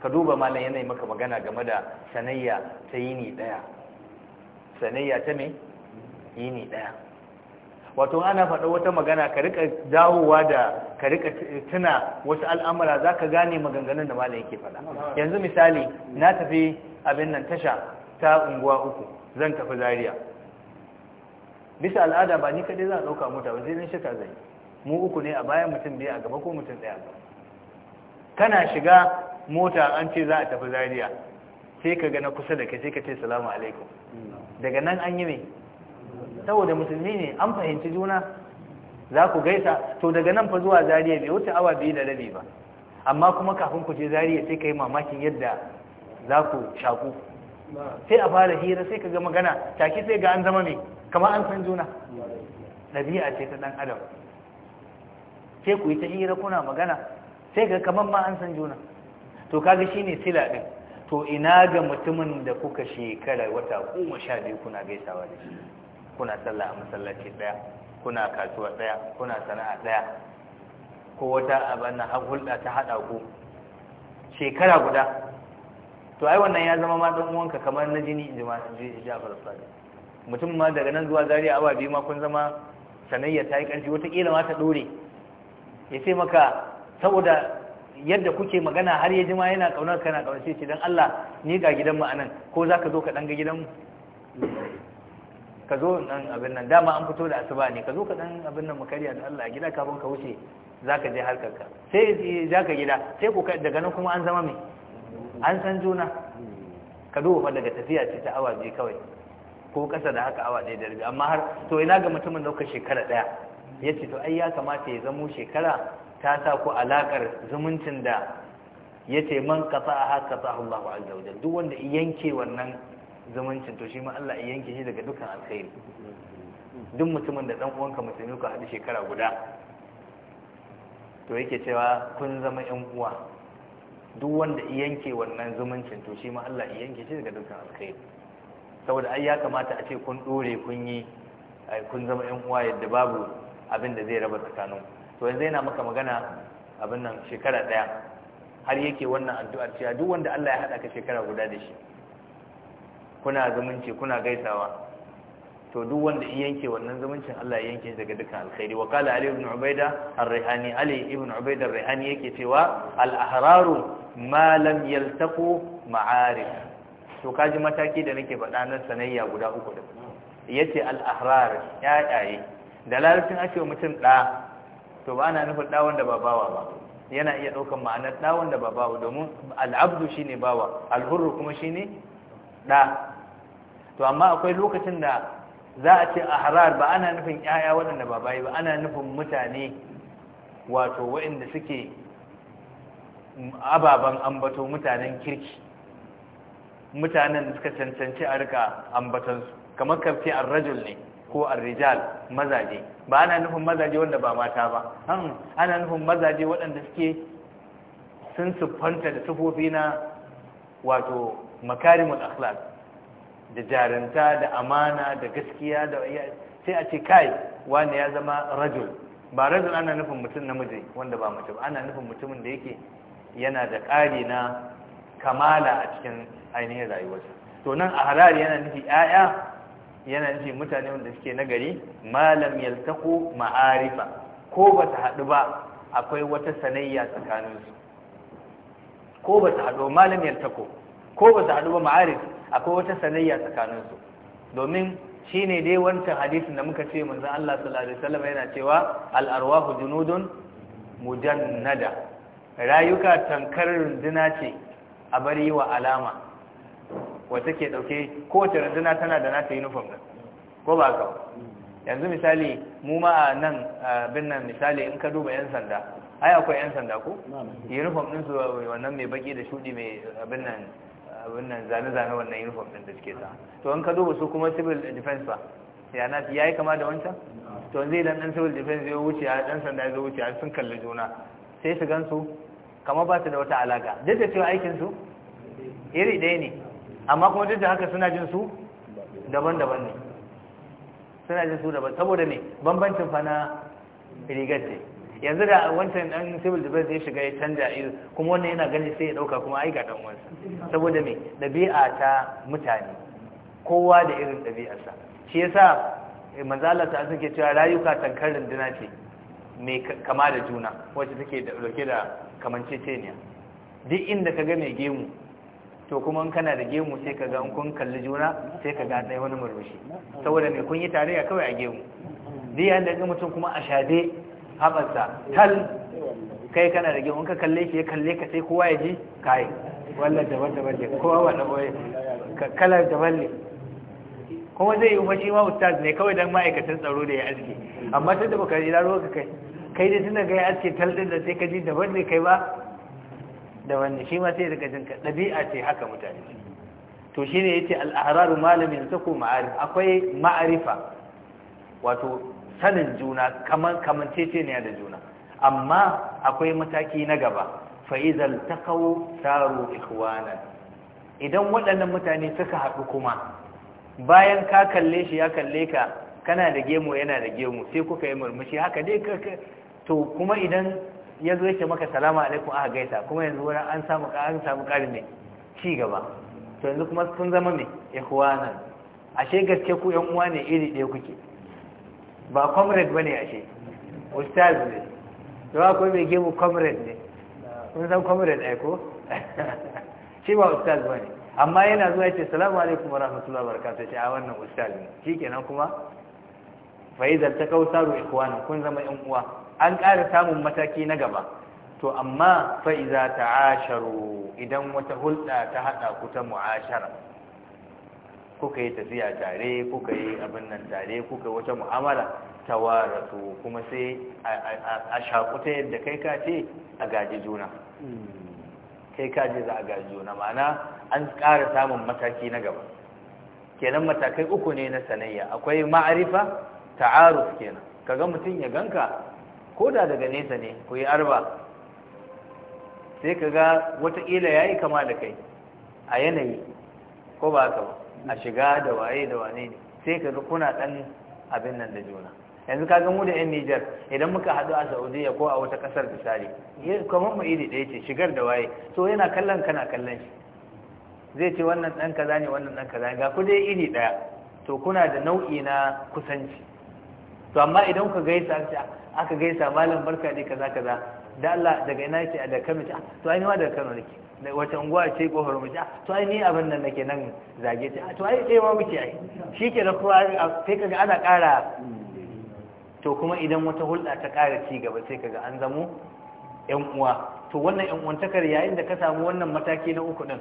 ka duba malam maka magana game da sanayya ta ni ɗaya. sanayya ta me yini daya wato ana faɗo wata magana ka rika dawowa da ka rika tuna wasu al'amura za ka gane maganganun da malam yake faɗa yanzu misali na tafi abin nan tasha ta unguwa uku zan tafi Zariya. bisa al'ada ba ni kaɗai za a ɗauka mota ba sai dan shika zai mu uku ne a baya mutum biya a gaba ko mutum ɗaya kana shiga mota an ce za a tafi Zariya. sai ka gana na kusa da kai sai ka ce salamu alaikum daga nan an yi mai saboda musulmi ne an fahimci juna za ku gaisa to daga nan fa zuwa zariya bai wuce awa biyu da rabi ba amma kuma kafin ku je zariya sai ka yi mamakin yadda za ku shaku sai a fara hira sai ka ga magana take sai ga an zama mai kama an san juna ɗabi'a ce ta ɗan adam sai ku yi ta hira kuna magana sai ga kamar ma an san juna to kaga shine sila ɗin to ina ga mutumin da kuka shekara wata kuma sha biyu kuna gaisawa da shi kuna sallah a masallaci daya kuna kasuwa daya kuna sana'a daya ko wata abana hulɗa ta haɗa ku shekara guda to ai wannan ya zama ma ɗan uwanka kamar na jini in jima Ja'far Sadiq mutum ma daga nan zuwa Zaria awa biyu ma kun zama sanayya ta yi ƙarfi wataƙila ma ta ɗore ya ce maka saboda yadda kuke magana har ya jima yana kaunar kana kaunar sai ce dan Allah ni ga gidan mu anan ko zaka zo ka dan ga gidan mu ka zo nan abin nan dama an fito da asuba ne ka zo ka dan abin nan mu kariya da Allah gida kafin ka wuce zaka je harkar ka sai zaka gida sai ku daga nan kuma an zama mai an san juna ka duba daga tafiya ce ta awa biyu kawai ko kasa da haka awa ɗaya da rabi amma har to ina ga mutumin daukar shekara ɗaya ya ce to ai ya kamata ya zamo shekara ta sa ku alakar zumuncin da ya ce man qata'aha a Allah azza wa jalla duk wanda yanke wannan zumuncin to shi ma Allah ya yanke shi daga dukkan alkhairi duk mutumin da dan uwanka musulmi ku haɗu shekara guda to yake cewa kun zama yan uwa duk wanda yanke wannan zumuncin to shi ma Allah ya yanke shi daga dukkan alkhairi saboda ai ya kamata a ce kun dore kun yi kun zama yan uwa yadda babu abin da zai raba tsakaninku to yanzu yana maka magana abin nan shekara daya har yake wannan addu'ar cewa duk wanda Allah ya haɗa ka shekara guda da shi kuna zumunci kuna gaisawa to duk wanda in yanke wannan zumuncin Allah ya yanke daga dukkan alkhairi wa qala ali ibn ubaida ar-rihani ali ibn ubaida ar-rihani yake cewa al-ahraru ma lam yaltaqu ma'arif to kaji mataki da nake faɗa na sanayya guda uku da yace al-ahrar ya'ai da larabcin ake mutum da to ba ana nufin ɗawon da ba bawa ba yana iya ɗaukan ma'anar ɗawon da ba bawa domin al'abdu ne bawa alhurru kuma shi ne ɗa to amma akwai lokacin da za a ce a harar ba ana nufin ƴaƴa waɗanda ba bayi ba ana nufin mutane wato waɗanda suke ababen ambato mutanen kirki mutanen da suka cancanci a rika ambatansu kamar kafce arrajul ne ko arrijal rijal mazaje ba ana nufin mazaje wanda ba mata ba ana nufin mazaje waɗanda suke sun siffanta da sufofi na wato makarimul akhlaq da jarinta da amana da gaskiya da sai a ce kai wani ya zama rajul ba rajul ana nufin mutum namiji wanda ba mutum ana nufin mutumin da yake yana da ƙari na kamala a cikin ainihin rayuwarsa to nan a harari yana nufi 'ya'ya yana nufin mutane wanda suke nagari malam yaltaku ma'arifa ko ba ta haɗu ba akwai wata sanayya tsakaninsu ko ba ta haɗu malam yaltaku ko ba ta haɗu ba ma'arif akwai wata sanayya tsakaninsu domin shi ne dai wancan hadisin da muka ce manzan Allah sallallahu alaihi wasallam yana cewa al'arwahu junudun mujannada rayuka tankar runduna ce a bari wa alama wata ke dauke kowace runduna tana da nata uniform din ko ba ka yanzu misali mu ma a nan binnan misali in ka duba yan sanda ai akwai yan sanda ko uniform din su wannan mai baki da shudi mai abin nan zane-zane wannan uniform din da suke sa to in ka duba su kuma civil defense ba ya ya yayi kama da wancan to zai dan dan civil defense ya wuce a dan sanda ya wuce sun kalli juna sai su gansu kamar ba su da wata alaka duk da cewa aikin su iri ɗaya ne amma kuma duk da haka suna jin su daban-daban ne suna jin su daban saboda ne bambancin fana rigar ce yanzu da wancan dan civil defense ya shiga ya canja iri kuma wannan yana gani sai ya dauka kuma ai ga dan wansa saboda me dabi'a ta mutane kowa da irin dabi'arsa shi yasa manzo Allah ta suke cewa rayuka tankar runduna ce mai kama da juna wacce take da dauke da kamanceceniya duk inda ka ga mai gemu to kuma kana da gemu sai ka ga kun kalli juna sai ka ga dai wani murmushi saboda me kun yi tarayya kawai a gemu dai yayin da mutum kuma a shade habarsa tal kai kana da gemu ka kalle shi ya kalle ka sai kowa ya ji kai wallan da wanda ne kowa wanda boye kala da balle kuma zai yi fashi ma ustaz ne kawai dan ma'aikatan tsaro da ya aske amma tunda da baka ji laro ka kai kai dai tunda ga ya aske tal din da sai ka ji da ne kai ba da wannan shi ma sai daga jinka jin ɗabi'a ce haka mutane to shine ne ya ce al'araru malamin sako ma'arif akwai ma'arifa wato sanin juna kamar ne da juna amma akwai mataki na gaba fa'izal ta kawo taro ikwana. idan waɗannan mutane suka haɗu kuma bayan ka kalle shi ya kalle ka kana da gemu yana da gemu sai kuka yi murmushi haka dai to kuma idan ya yake maka salama alaikum aka gaisa kuma yanzu wani an samu an samu karin ne ci gaba to yanzu kuma sun zama me ikhwanan ashe gaske ku yan uwa ne iri ɗaya kuke ba comrade bane ashe ustaz ne to akwai mai gemu comrade ne kun san comrade ai ko shi ba ustaz bane amma yana zuwa yace salamu alaikum warahmatullahi wabarakatuh shi a wannan ustaz ne shikenan kuma fa idan ta kausaru ikhwanan kun zama yan uwa an ƙara samun mataki na gaba to amma fa'iza ta asharu idan wata hulɗa ta haɗa ku ta mu'ashara kuka yi tafiya tare kuka yi abin nan tare kuka yi wata mu'amala ta waratu kuma sai a shakuta yadda kai ka ce a gaji juna kai ka ce za a gaji juna ma'ana an ƙara samun mataki na gaba kenan matakai uku ne na sanayya akwai ma'arifa ta'aruf kenan Ka ga mutum ya ganka ko da daga nesa ne ku yi arba sai ka ga wataƙila ya yi kama da kai a yanayi ko ba ka ba a shiga da waye da wane ne sai ka ga kuna ɗan abin nan da juna yanzu ka ga mu da 'yan Nijar idan muka haɗu a Saudiya ko a wata ƙasar misali kamar mu iri ɗaya ce shigar da waye so yana kallon kana kallon shi zai ce wannan ɗan kaza ne wannan ɗan kaza ga ku dai iri ɗaya to kuna da nau'i na kusanci to amma idan ku gaisa aka gaisa malam barka ne kaza kaza da Allah daga ina yake da Kano ta? Ah, to ai ni ma daga Kano nake da wace unguwa ce kofar mu ta? Ah, to ai ni abin nan nake nan zage ta. Ah, to ai eh ma muke ai shike da kowa sai kaga ana ƙara to kuma idan wata hulɗa ta ƙara ci gaba sai kaga an zamo ƴan uwa to wannan ƴan uwantakar yayin da ka samu wannan mataki na uku din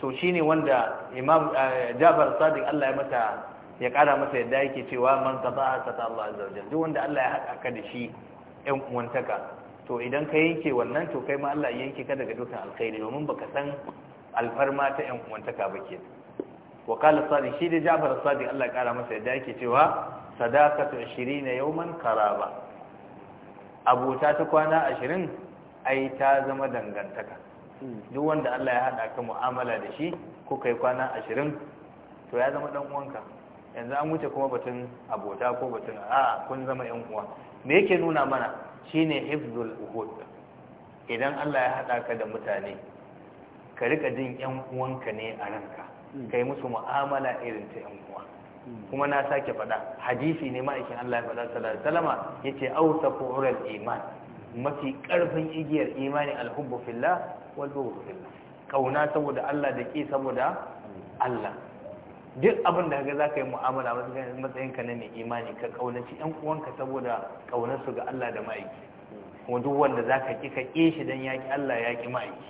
to shine wanda Imam eh, jabar Sadiq Allah ya mata ya kara masa yadda yake cewa man a qata'a Allah azza wajen duk wanda Allah ya haɗa ka da shi ƴan uwantaka to idan ka yanke wannan to kai ma Allah ya yanke ka daga dukkan alkhairi domin baka san alfarma ta ƴan uwantaka ba ke wa qala sadi shi da Ja'far sadi Allah ya kara masa yadda yake cewa sadaqatu 20 yawman qaraba abota ta kwana 20 ai ta zama dangantaka duk wanda Allah ya haɗa ka mu'amala da shi ko kai kwana 20 to ya zama dan uwanka yanzu an wuce kuma batun abota ko batun a kun zama yan uwa me yake nuna mana shine hifzul uhud idan Allah ya hada ka da mutane ka rika jin yan uwanka ne a ranka hmm. kai musu mu'amala irin ta yan uwa hmm. kuma na sake faɗa hadisi ne ma'aikin Allah ya faɗa sallallahu alaihi wasallama yace awsaqu qurul iman mafi karfin igiyar imani alhubbu fillah wal bughd fillah kauna saboda Allah da ke saboda Allah duk abin da ga za ka yi mu'amala wasu ka na mai imani ka kaunaci yan uwanka saboda kaunarsu ga Allah da ma'aiki kuma duk wanda za ka ƙi ka ƙi shi don yaƙi Allah ya ƙi ma'aiki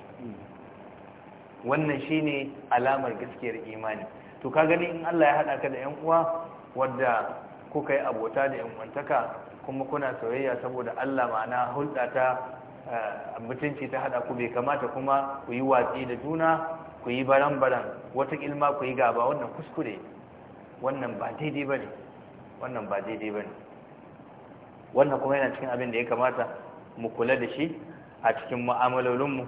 wannan shi ne alamar gaskiyar imani to ka gani in Allah ya haɗa ka da yan uwa wadda kuka yi abota da yan uwantaka kuma kuna soyayya saboda Allah ma'ana hulɗa ta eh, mutunci ta haɗa ku bai kamata kuma ku yi watsi da juna ku yi baran-baran wata ilma ku yi gaba wannan kuskure wannan ba daidai ba ne wannan ba daidai ba ne wannan kuma yana cikin abin da ya kamata mu kula da shi a cikin mu'amalolinmu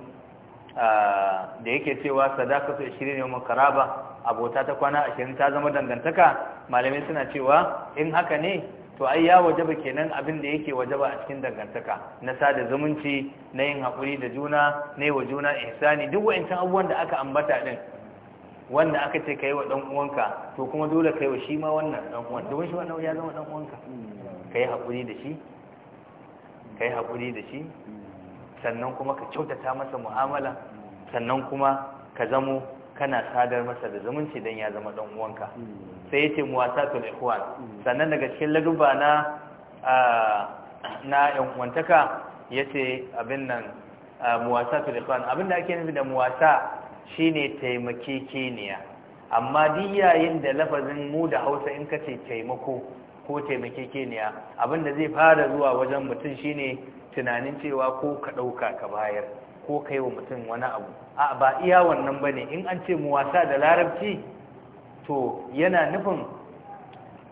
ah, da yake cewa sadaka su ne mu karaba abota ta kwana ashirin ta zama dangantaka malamai suna cewa in haka ne to ai ya wajaba kenan abin da yake wajaba a cikin dangantaka na sada zumunci na yin haƙuri da juna na yi wa juna ihsani duk wa'incin abubuwan da aka ambata din wanda aka ce ka yi wa ɗan uwanka to kuma dole ka yi wa shi ma wannan ɗan uwan domin shi wannan ya zama ɗan uwanka yi haƙuri da shi yi haƙuri da shi sannan kuma ka kyautata masa mu'amala sannan kuma ka zamo kana sadar masa da zumunci dan ya zama dan uwanka hmm. sai muwasa muwasatul ikhwan hmm. sannan daga cikin laduba na na yan uwantaka yace abin nan muwasa muwasatul abin da ake nufi da muwasa shine taimakekeniya amma diyayen da lafazin mu da Hausa in kace taimako ko abin da zai fara zuwa wajen mutum shine tunanin cewa ko ka ɗauka ka bayar ko kai wa mutum wani abu a ba iya wannan bane in an ce mu wasa da larabci to yana nufin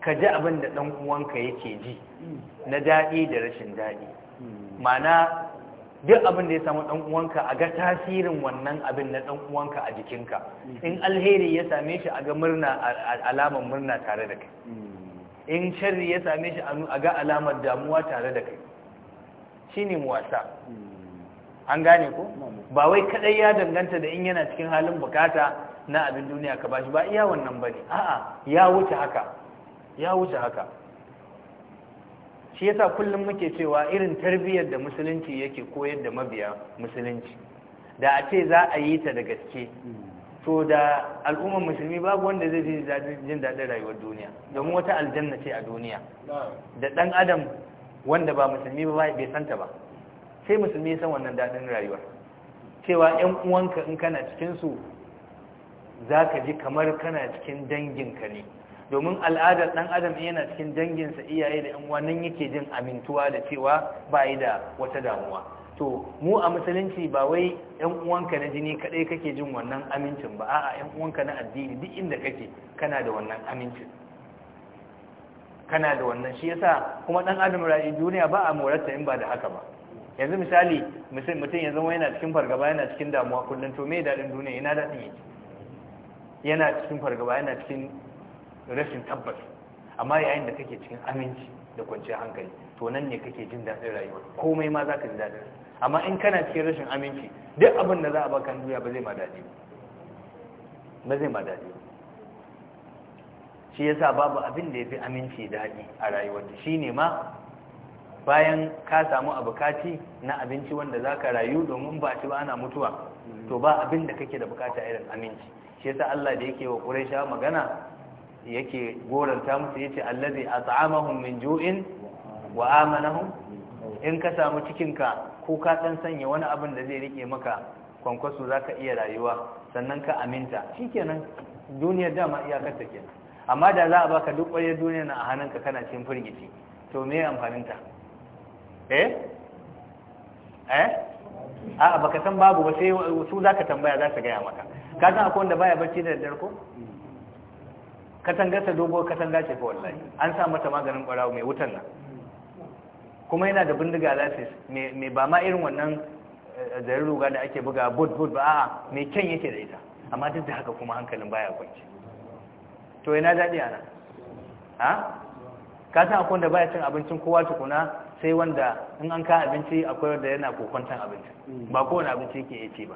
ka ji abin da ɗan uwanka yake ji na daɗi da rashin daɗi ma'ana duk abin da ya samu ɗan uwanka a ga tasirin wannan abin na ɗan uwanka a jikinka in alheri ya same shi a ga murna alamar murna tare da kai in sharri ya same shi a ga alamar damuwa tare da kai shine mu wasa an gane ko ba wai kadai ya danganta da in yana cikin halin bukata na abin duniya ka bashi ba iya wannan bane a'a ya wuce haka ya wuce haka shi yasa kullum muke cewa irin tarbiyyar da musulunci yake koyar da mabiya musulunci da a ce za a yi ta da gaske to da al'ummar musulmi babu wanda zai jin daɗin rayuwar duniya domin wata aljanna ce a duniya da ɗan adam wanda ba musulmi ba bai santa ba sai musulmi ya san wannan daɗin rayuwar cewa ‘yan uwanka in kana cikinsu za ka ji kamar kana cikin danginka ne domin al'adar ɗan adam yana cikin danginsa iyaye da ‘yan nan yake jin amintuwa da cewa ba yi da wata damuwa to mu a musulunci ba wai ‘yan uwanka na jini kaɗai kake jin wannan amincin ba a'a ‘yan uwanka na addini duk inda kake kana da wannan amincin kana da wannan shi yasa kuma ɗan adam rayu duniya ba a morarta in ba da haka ba yanzu misali mutum ya zama yana cikin fargaba yana cikin damuwa kullum to me daɗin duniya yana daɗin yake yana cikin fargaba yana cikin rashin tabbas amma yayin da kake cikin aminci da kwanciyar hankali to nan ne kake jin daɗin rayuwa komai ma za ka ji daɗin amma in kana cikin rashin aminci duk abin da za a baka duniya ba zai ma daɗi ba zai ma daɗi shi yasa babu abin da ya fi aminci daɗi a rayuwar shi ne ma bayan ka samu abukaci na abinci wanda za ka rayu domin ba ci ba ana mutuwa mm. to ba abin da kake da bukata irin aminci shi yasa Allah da yake wa Quraysha magana yake goranta musu yace allazi at'amahum min ju'in wa amanahum in ka samu cikinka ko ka dan sanya wani abin da zai rike maka kwankwaso zaka iya rayuwa sannan ka aminta shikenan duniyar dama iyakar ta amma da za a baka duk ƙwayar duniyar na a hannunka kana cin firgici to me ta eh eh ba baka san babu ba sai su zaka tambaya za su gaya maka ka san akwai wanda baya bacci da daddare ko san gasa dogo san gace fa wallahi an sa mata maganin kwarawo mai wutan nan kuma yana da bindiga lasis mai ba ma irin wannan eh, zarin ruga da ake buga bud bud ba a'a mai kyan yake da ita amma duk da haka kuma hankalin baya kwanci to yana daɗi ana ha ka san akwai wanda baya cin abincin kowa tukuna sai wanda in an ka abinci akwai wanda yana kokwantan abinci ba kowane abinci yake ya ba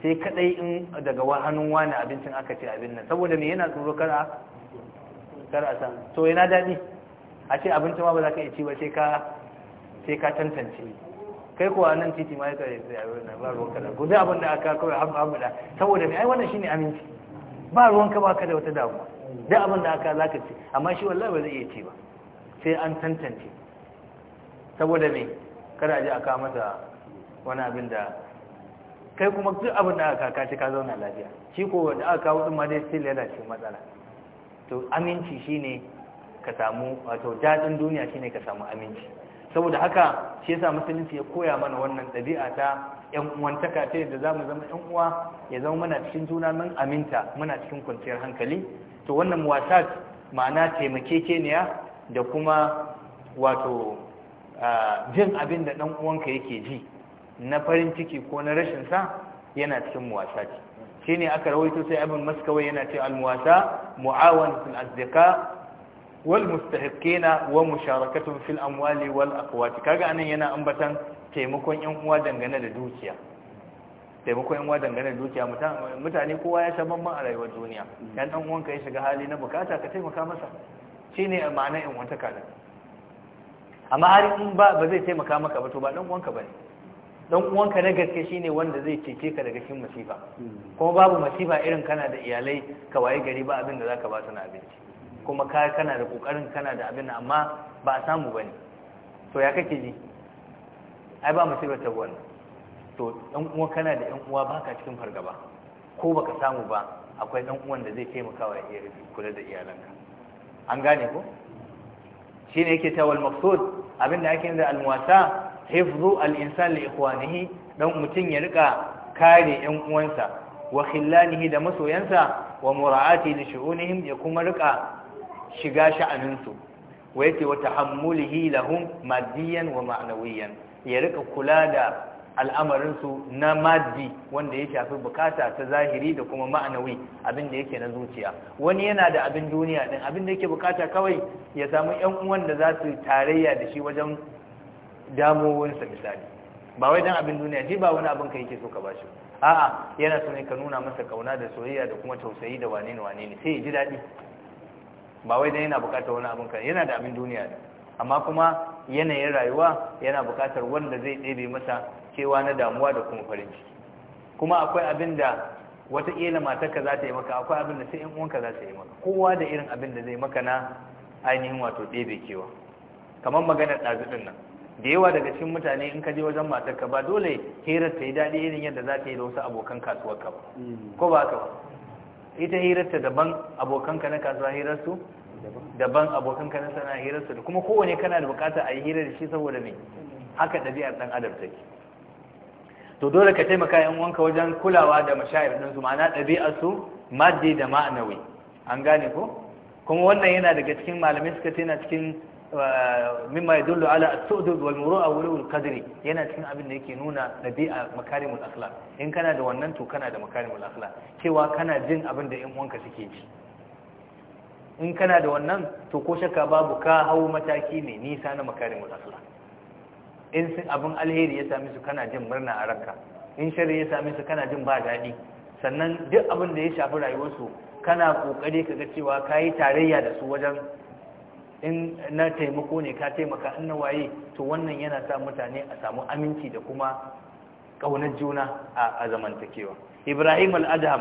sai kadai in daga hannun wani abincin aka ce abin nan saboda me yana tsoro kara kara san to yana daɗi a ce abinci ma ba za ka iya ci ba sai ka sai ka tantance kai kuwa nan titi ma ya kare sai a wurin ba ruwan kada gobe abin da aka kawai hamu hamu da saboda me ai wannan shine aminci ba ruwan ka ba ka da wata damuwa da abin da aka za ka ci amma shi wallahi ba zai iya ci ba sai an tantance saboda me kada a ji a kawo masa wani abin da kai kuma duk abin da aka kaka ka zauna lafiya shi ko da aka kawo din ma dai still yana cikin matsala to aminci shine ka samu wato dadin duniya shine ka samu aminci saboda haka shi yasa musulunci ya koya mana wannan dabi'a ta yan uwantaka ta yadda mu zama yan uwa ya zama muna cikin juna mun aminta muna cikin kwanciyar hankali to wannan wasat ma'ana taimakekeniya da kuma wato jin abin da ɗan uwanka yake ji na farin ciki ko na rashin sa yana cikin muwasa ce shi ne aka rawaito sai abin maskawai yana ce almuwasa mu'awanatul azdiqa wal mustahiqina wa musharakatun fil amwali wal aqwati kaga anan yana ambatan taimakon yan uwa dangane da dukiya taimakon yan uwa dangane da dukiya mutane kowa ya san banban a rayuwar duniya dan dan uwanka ya shiga hali na bukata ka taimaka masa shine ma'anar yan wata da amma har in ba ba zai taimaka maka ba to ba dan uwanka bane dan uwanka na gaske shine wanda zai cece ka daga cikin masifa hmm. kuma babu masifa irin kana da iyalai ka waye gari ba abin da zaka ba su na abinci kuma ka kana da kokarin kana da abin amma ba a samu bane to ya kake ji ai ba musibar ta wani to dan uwa kana da yan uwa baka cikin fargaba ko baka samu ba akwai dan uwan da zai taimaka wa kula da iyalanka an gane ko shine yake tawal wal abin abinda ake da almuwasa hifzu al-insan don mutum ya rika kare yan uwansa wa khillanihi da masoyansa wa mura'ati da shi'unihim ya kuma rika shiga sha'aninsu wa yake wa tahammulihi lahum madiyan wa ma'anawiyan ya rika kula da al'amarinsu na maddi wanda ya shafi bukata ta zahiri da kuma ma'anawi abin da yake na zuciya wani yana da abin duniya din abin da yake bukata kawai ya samu yan uwan da za su tarayya da shi wajen damuwinsa misali ba wai dan abin duniya shi ba wani abin ka yake so ka bashi a'a yana so ne ka nuna masa kauna da soyayya da kuma tausayi da wane ne wane ne sai ya ji daɗi ba wai dan yana bukata wani abin ka yana da abin duniya amma kuma yanayin rayuwa yana bukatar wanda zai ɗebe masa kewa na damuwa da kuma farin ciki kuma akwai abin da wata ila matarka za ta yi maka akwai abin da sai yan uwanka za ta yi maka kowa da irin abin da zai maka na ainihin wato ɗebe kewa kamar maganar ɗazuɗin nan da yawa daga cikin mutane in ka je wajen matarka ba dole hirar ta yi daɗi irin yadda za ta yi da wasu abokan kasuwar ka ba ko ba ka ba ita hirar ta daban abokanka na kasuwa su daban abokanka na hirar su da kuma kowane kana da bukata a yi hirar da shi saboda me haka ɗabi'ar ɗan adam take to dole ka taimaka yan wanka wajen kulawa da mashayar ɗin, su ma'ana ɗabi'ar su maddi da ma'anawi an gane ko kuma wannan yana daga cikin malamai suka ce yana cikin uh, mimma dole ala as wal muru'a wa lul qadri yana cikin abin da yake nuna dabi'a makarimul akhlaq in kana da wannan to kana da makarimul akhlaq cewa kana jin abin da yan uwanka suke ji in kana da wannan to ko shakka babu ka hau mataki ne nisa na makarimul akhlaq in sun abin alheri ya sami su kana jin murna a ranka in shari ya sami su kana jin ba daɗi sannan duk abin da ya shafi rayuwarsu kana ƙoƙari ka ga cewa ka yi tarayya da su wajen in na taimako ne ka taimaka in na waye to wannan yana sa mutane a samu aminci da kuma ƙaunar juna a zamantakewa ibrahim al'adham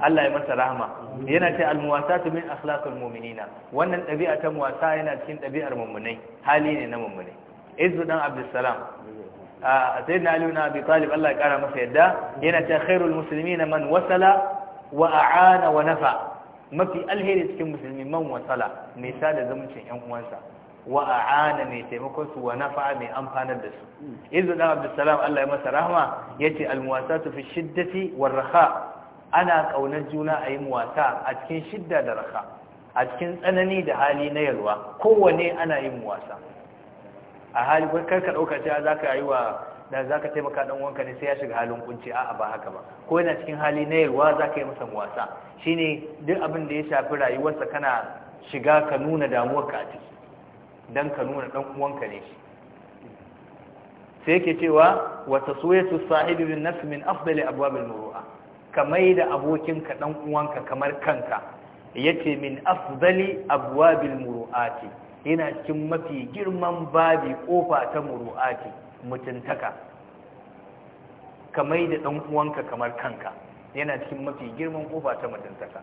Allah ya masa rahama yana ce almuwasatu min akhlaqul mu'minina wannan ɗabi'a ta muwasa yana cikin ɗabi'ar mummunai hali ne na mummunai izu dan abdussalam a sayyidina ali ibn abi talib Allah ya kara masa yadda yana ta khairul muslimina man wasala wa aana wa nafa mafi alheri cikin musulmi man wasala mai sada zumuncin yan uwansa wa aana mai taimakon su wa nafa mai amfanar da su izu dan abdussalam Allah ya masa rahma yace almuwasatu fi shiddati war raha ana kaunar juna ayi muwasa a cikin shidda da raha a cikin tsanani da hali na yalwa kowane ana yin muwasa a hali kar ka dauka cewa zaka yi wa da zaka taimaka dan wanka ne sai ya shiga halin kunci a'a ba haka ba ko yana cikin hali na yarwa zaka yi masa wasa shine duk abin da ya shafi rayuwarsa kana shiga ka nuna damuwarka a ciki dan ka nuna dan uwanka ne shi sai yake cewa wa taswiyatu sahibi bin nafs min afdali abwabil muru'a kamai da abokinka dan uwanka kamar kanka yace min afdali abwabil muru'ati yana cikin mafi girman babi kofa ta muru'ati mutuntaka kamar da dan uwanka kamar kanka yana cikin mafi girman kofa ta mutuntaka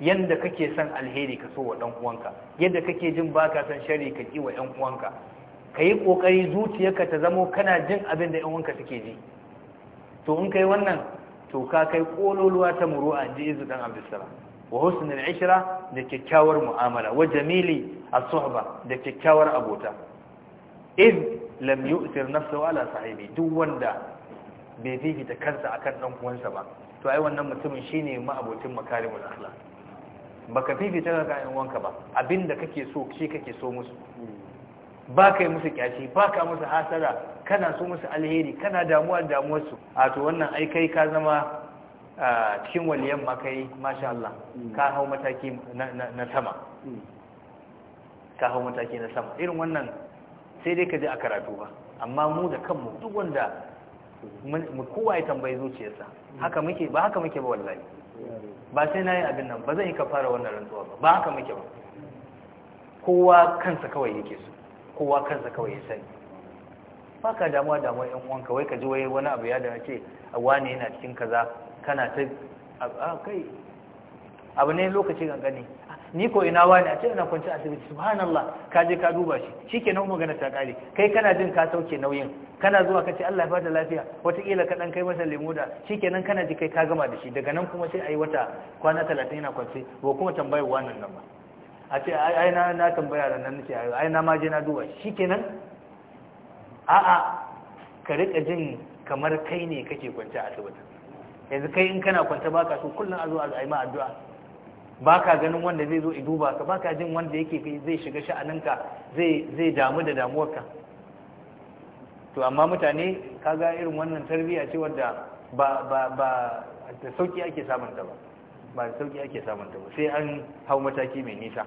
yanda kake son alheri ka so wa dan uwanka yadda kake jin baka son shari ka ki wa yan uwanka kayi kokari zuciyarka ta zamo kana jin abin da yan uwanka suke ji to in kai wannan to ka kai kololuwa ta muru'a ji izu dan abdussalam wa husnul ishra da kyakkyawar mu'amala wa jamili as-suhba da kyakkyawar abota in lam yu'thir nafsahu ala sahibi duk wanda bai fifita kansa akan dan uwansa ba to ai wannan mutumin shine ma'abotin makarimul akhlaq baka fifita ga ɗan uwanka ba abinda kake so shi kake so musu ba kai musu kyashi ba ka musu hasara kana so musu alheri kana damuwa da damuwarsu a to wannan ai kai ka zama cikin waliyan ma kai masha Allah ka hau mataki na sama ka hau mataki na sama irin wannan sai dai ka ji a karatu ba amma mu da kanmu duk wanda mu kowa ya tambayi zuciyarsa haka muke ba haka muke ba wallahi ba sai na yi abin nan ba zan yi ka fara wannan rantsuwa ba ba haka muke ba kowa kansa kawai yake so kowa kansa kawai ya sani ba ka damuwa damuwa yan uwanka wai ka ji wai wani abu ya da ce wane yana cikin kaza kana ta kai abu ne lokaci gangane ni ko ina wani a ce ina kwanci asibiti subhanallah ka je ka duba shi shikenan magana ta kare kai kana jin ka sauke nauyin kana zuwa ka ce Allah ya bada lafiya wataƙila ka dan kai masa lemu da shikenan kana ji kai ka gama da shi daga nan kuma sai ayi wata kwana 30 yana kwance ba kuma tambayar wannan nan ba a ce ai na na tambaya ran nan nake ai na ma je na duba shikenan a a ka rika jin kamar kai ne kake kwance a asibiti yanzu kai in kana kwance baka so kullun a zo a yi ma addu'a baka ganin wanda zai zo i duba ka baka jin wanda yake zai shiga sha'aninka zai zai damu da damuwarka to amma mutane kaga irin wannan tarbiyya ce wadda ba ba ba da sauki ake samun ta ba ba da sauki ake samun ta ba sai an hau mataki mai nisa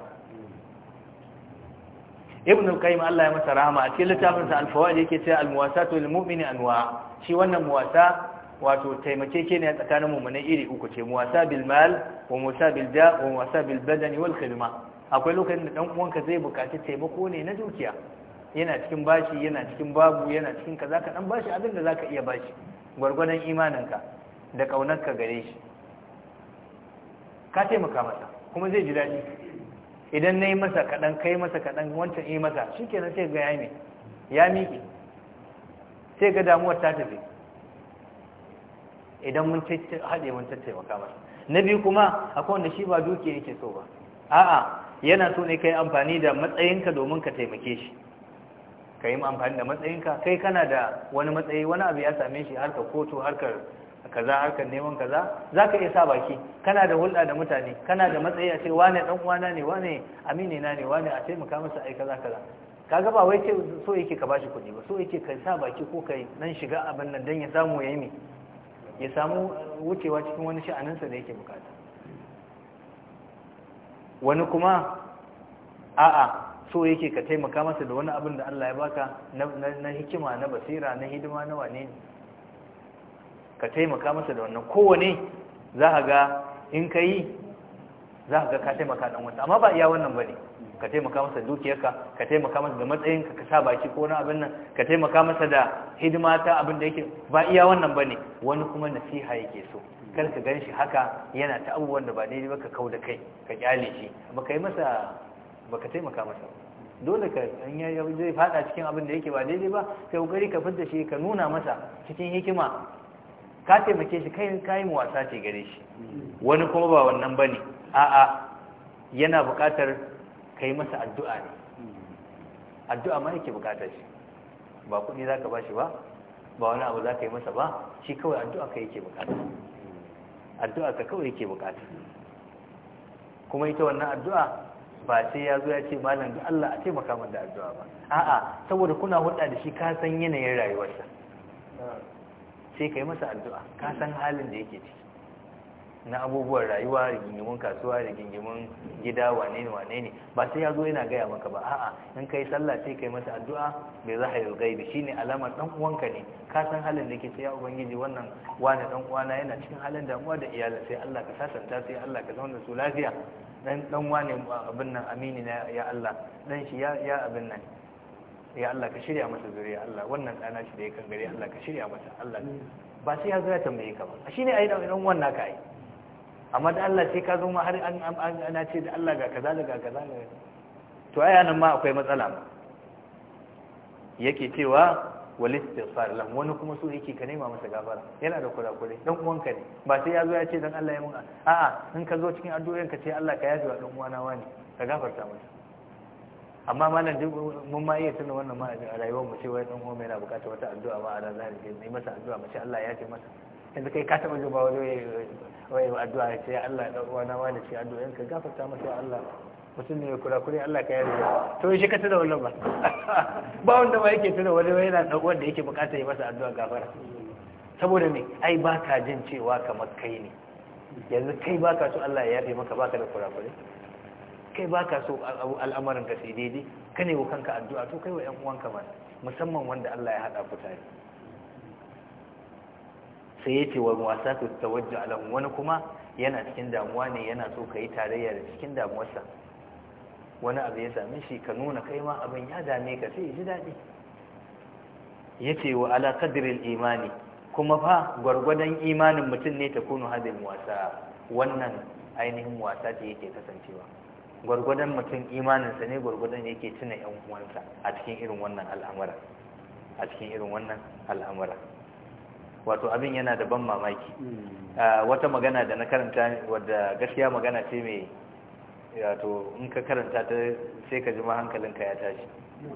ibn al-qayyim Allah ya masa rahama a cikin littafin sa al-fawaid yake cewa al-muwasatu lil mu'mini anwa shi wannan muwasa wato ne a tsakanin mummunan iri uku ce muwasa bilmal mal wa muwasa bil da wa muwasa bil badani wal khidma akwai lokacin da dan uwanka zai bukaci taimako ne na dukiya yana cikin bashi yana cikin babu yana cikin kaza ka dan bashi abin da zaka iya bashi gwargwadon imaninka da kaunarka gare shi ka taimaka masa kuma zai ji daɗi idan na yi masa kaɗan kai masa kaɗan wancan yi masa shi kenan sai ga ya ya miƙe sai ga damuwar ta tafi idan mun haɗe mun tattaimaka ba. na biyu kuma akwai wanda shi ba dukiya yake so ba a'a yana so ne kai amfani da matsayinka domin ka taimake shi ka yi amfani da matsayinka kai kana da wani matsayi wani abu ya same shi harka kotu harkar kaza harkar neman kaza za ka iya sa baki kana da hulɗa da mutane kana da matsayi a ce wane ɗan uwana ne wane amini na ne wane a taimaka masa ai kaza kaza kaga ba wai ce so yake ka bashi kuɗi ba so yake ka sa baki ko kai nan shiga abin nan dan ya samu yayi me ya samu wucewa cikin wani sha'aninsa da yake bukata wani kuma a'a so yake ka taimaka masa da wani abin da Allah ya baka na hikima na basira na hidima na wane ka taimaka masa da wannan kowane za a ga in ka yi za ka ga ka taimaka dan wata. amma ba iya wannan bane ka taimaka masa dukiyarka ka taimaka masa da matsayinka ka sa baki ko na abin nan ka taimaka masa da hidima ta abin da yake ba iya wannan bane wani kuma nasiha yake so kar ka ganshi haka yana ta abubuwan da ba daidai ba ka kau da kai ka kyale shi baka yi masa ba ka taimaka masa dole ka an ya zai fada cikin abin da yake ba daidai ba kai kokari ka fitar shi ka nuna masa cikin hikima ka taimake shi kai kai mu wasa ce gare shi wani kuma ba wannan bane a'a yana buƙatar kai masa addu'a ne addu'a ma yake buƙatar shi ba kuɗi za ka ba shi ba ba wani abu za ka yi masa ba shi kawai addu'a ka yake buƙata addu'a ka kawai yake buƙata kuma ita wannan addu'a ba sai ya zo ya ce malam da Allah a taimaka min da addu'a ba a'a saboda kuna hulɗa da shi ka san yanayin rayuwarsa sai ka yi masa addu'a ka san halin da yake ciki na abubuwan rayuwa rigingimin kasuwa rigingimin gida wane ne wane ne ba sai ya zo yana gaya maka ba a'a in kai sallah sai kai masa addu'a bai za hayar gaibi shine alamar dan uwanka ne ka san halin da ke sai ya ubangiji wannan wani dan uwana yana cikin halin damuwa da iyalin sai Allah ka sasanta sai Allah ka zauna su lafiya dan dan wani abin nan amini na ya Allah dan shi ya ya abin nan ya Allah ka shirya masa zuriya Allah wannan dana shi da ya kan gare Allah ka shirya masa Allah ba sai ya zo ya tambaye ka ba shine ai dan uwan naka ai amma da Allah sai ka zo ma har an ana ce da Allah ga kaza ga kaza to aya nan ma akwai matsala yake cewa wal istighfar lahu wani kuma so yake ka nema masa gafara yana da kurakurai dan uwanka ne ba sai ya zo ya ce dan Allah ya mun a. a in ka zo cikin addu'o'in ka ce Allah ka yafe wa dan uwana wani ka gafarta masa amma malam duk mun ma iya tuna wannan ma a rayuwar mu cewa dan uwa mai na bukata wata addu'a ma a ranar da ne masa addu'a mace Allah ya ce masa yanzu kai ka taba zuba wani wai addu'a ya ce Allah da uwa na wani ce addu'a yanka gafarta masa Allah mutum ne kura kurakure Allah ka yarda to shi ka tuna wannan ba ba wanda ba yake tada wani wai yana da uwan da yake bukata ya masa addu'a gafara saboda me ai ba ka jin cewa kamar kai ne yanzu kai ba ka so Allah ya yafe maka ba ka da kurakure kai ba ka so al'amarin ka sai daidai ka ne wa kanka addu'a to kai wa ƴan uwanka ba musamman wanda Allah ya haɗa ku tare sai yace wa wasatu tawajju ala wani kuma yana cikin damuwa ne yana so kai tarayya da cikin damuwarsa wani abu ya same shi ka nuna kai ma abin ya dame ka sai ji dadi yace wa ala qadril imani kuma fa gwargwadon imanin mutum ne ta kunu hadin wasa wannan ainihin wasa ce yake kasancewa gwargwadon mutum imaninsa ne gwargwadon yake tuna yan uwansa a cikin irin wannan al'amura a cikin irin wannan al'amura wato abin yana da ban mamaki hmm. ah, wata magana da na karanta wadda gaskiya magana ce mai wato in ka karanta ta sai ka jima hankalinka ya tashi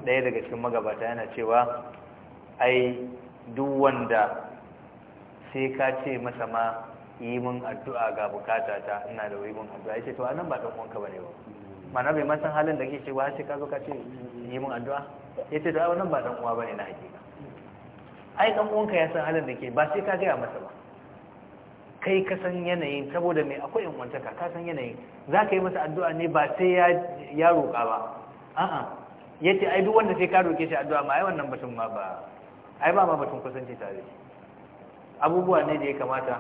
ɗaya daga cikin magabata yana cewa ai duk wanda sai ka ce masa ma yi min addu'a ga bukata ta ina da yi mun addu'a ya ce to anan ba ɗan uwanka bane ba mana hmm. bai masan halin da ke ce sai ka zo ka ce yi min addu'a ya ce to nan ba ɗan uwa bane na hakika ai dan uwanka ya san halin da ke ba sai ka gaya masa ba kai ka san yanayin saboda mai akwai yan wantaka ka san yanayin za ka yi masa addu'a ne ba sai ya roƙa ba a'a yace ai duk wanda sai ka roke shi addu'a ma ai wannan batun ma ba ai ba ma batun kusanci tare abubuwa ne da ya kamata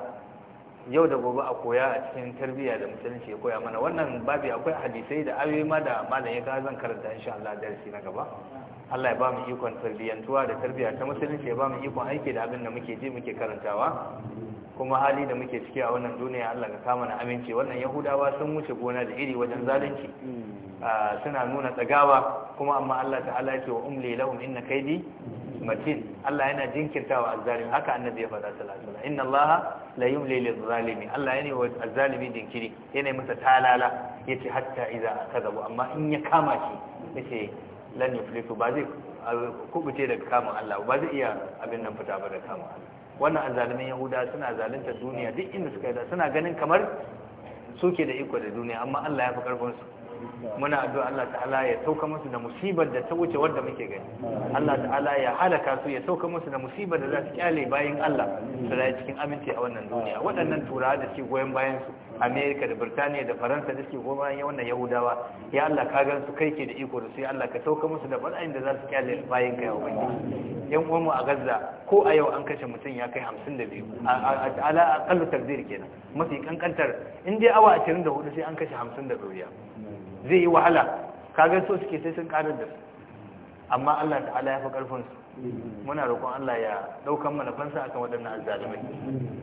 yau da gobe a koya a cikin tarbiyya da musulunci ya koya mana wannan babi akwai hadisai da ayoyi ma da malam ya zan karanta insha Allah darasi na gaba Allah ya ba mu ikon tarbiyyantuwa da tarbiyya ta musulunci ya ba mu ikon aiki da abin da muke ji muke karantawa kuma hali da muke ciki a wannan duniya Allah ka kama na aminci wannan yahudawa sun wuce gona da iri wajen zalunci ah, suna nuna tsagawa kuma amma Allah ta'ala ya ce wa umli lahum inna kaidi matin Allah yana jinkirtawa azzalimi haka annabi ya faɗa sallallahu alaihi wasallam inna Allah la yumli lil zalimi Allah ne wa zalimi jinkiri ne masa talala ce hatta idza kazabu amma in ya kama shi ce lan yuflitu ba zai kubuce daga kama Allah ba zai iya abin nan fita ba da kama Allah wannan azalimin yahuda suna zalunta duniya duk inda suka yi suna ganin kamar suke da iko da duniya amma Allah ya fi karfin su muna addu'a Allah ta'ala ya sauka musu da musibar da ta wuce wadda muke gani Allah ta'ala ya halaka su ya sauka musu da musibar da za su kyale bayan Allah su rayu cikin aminci a wannan duniya waɗannan turawa da ke goyon bayan su Amerika da Birtaniya da Faransa da ke goyon bayan wannan Yahudawa ya Allah ka gan su kai ke da iko da su ya Allah ka sauka musu da bala'in da za su kyale bayan ka ya bane yan uwan mu a Gaza ko a yau an kashe mutum ya kai 52 a ta'ala aqallu takdir kenan mafi kankantar in dai awa 24 sai an kashe 50 da ɗoriya zai yi wahala kaga so suke sai sun karar da su amma Allah ta'ala ya fi karfin su muna roƙon Allah ya ɗaukan manufansa fansa akan waɗannan azalimai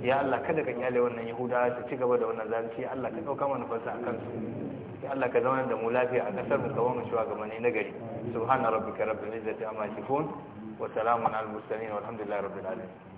ya Allah kada ka kyale wannan yahuda su ci gaba da wannan zalunci ya Allah ka ɗaukan manufansa fansa kansu su ya Allah ka zauna da mu lafiya a kasar mu kawo mu shugabanni na gari subhana rabbika rabbil izzati amma shifun wa salamun al mursalin walhamdulillahi rabbil alamin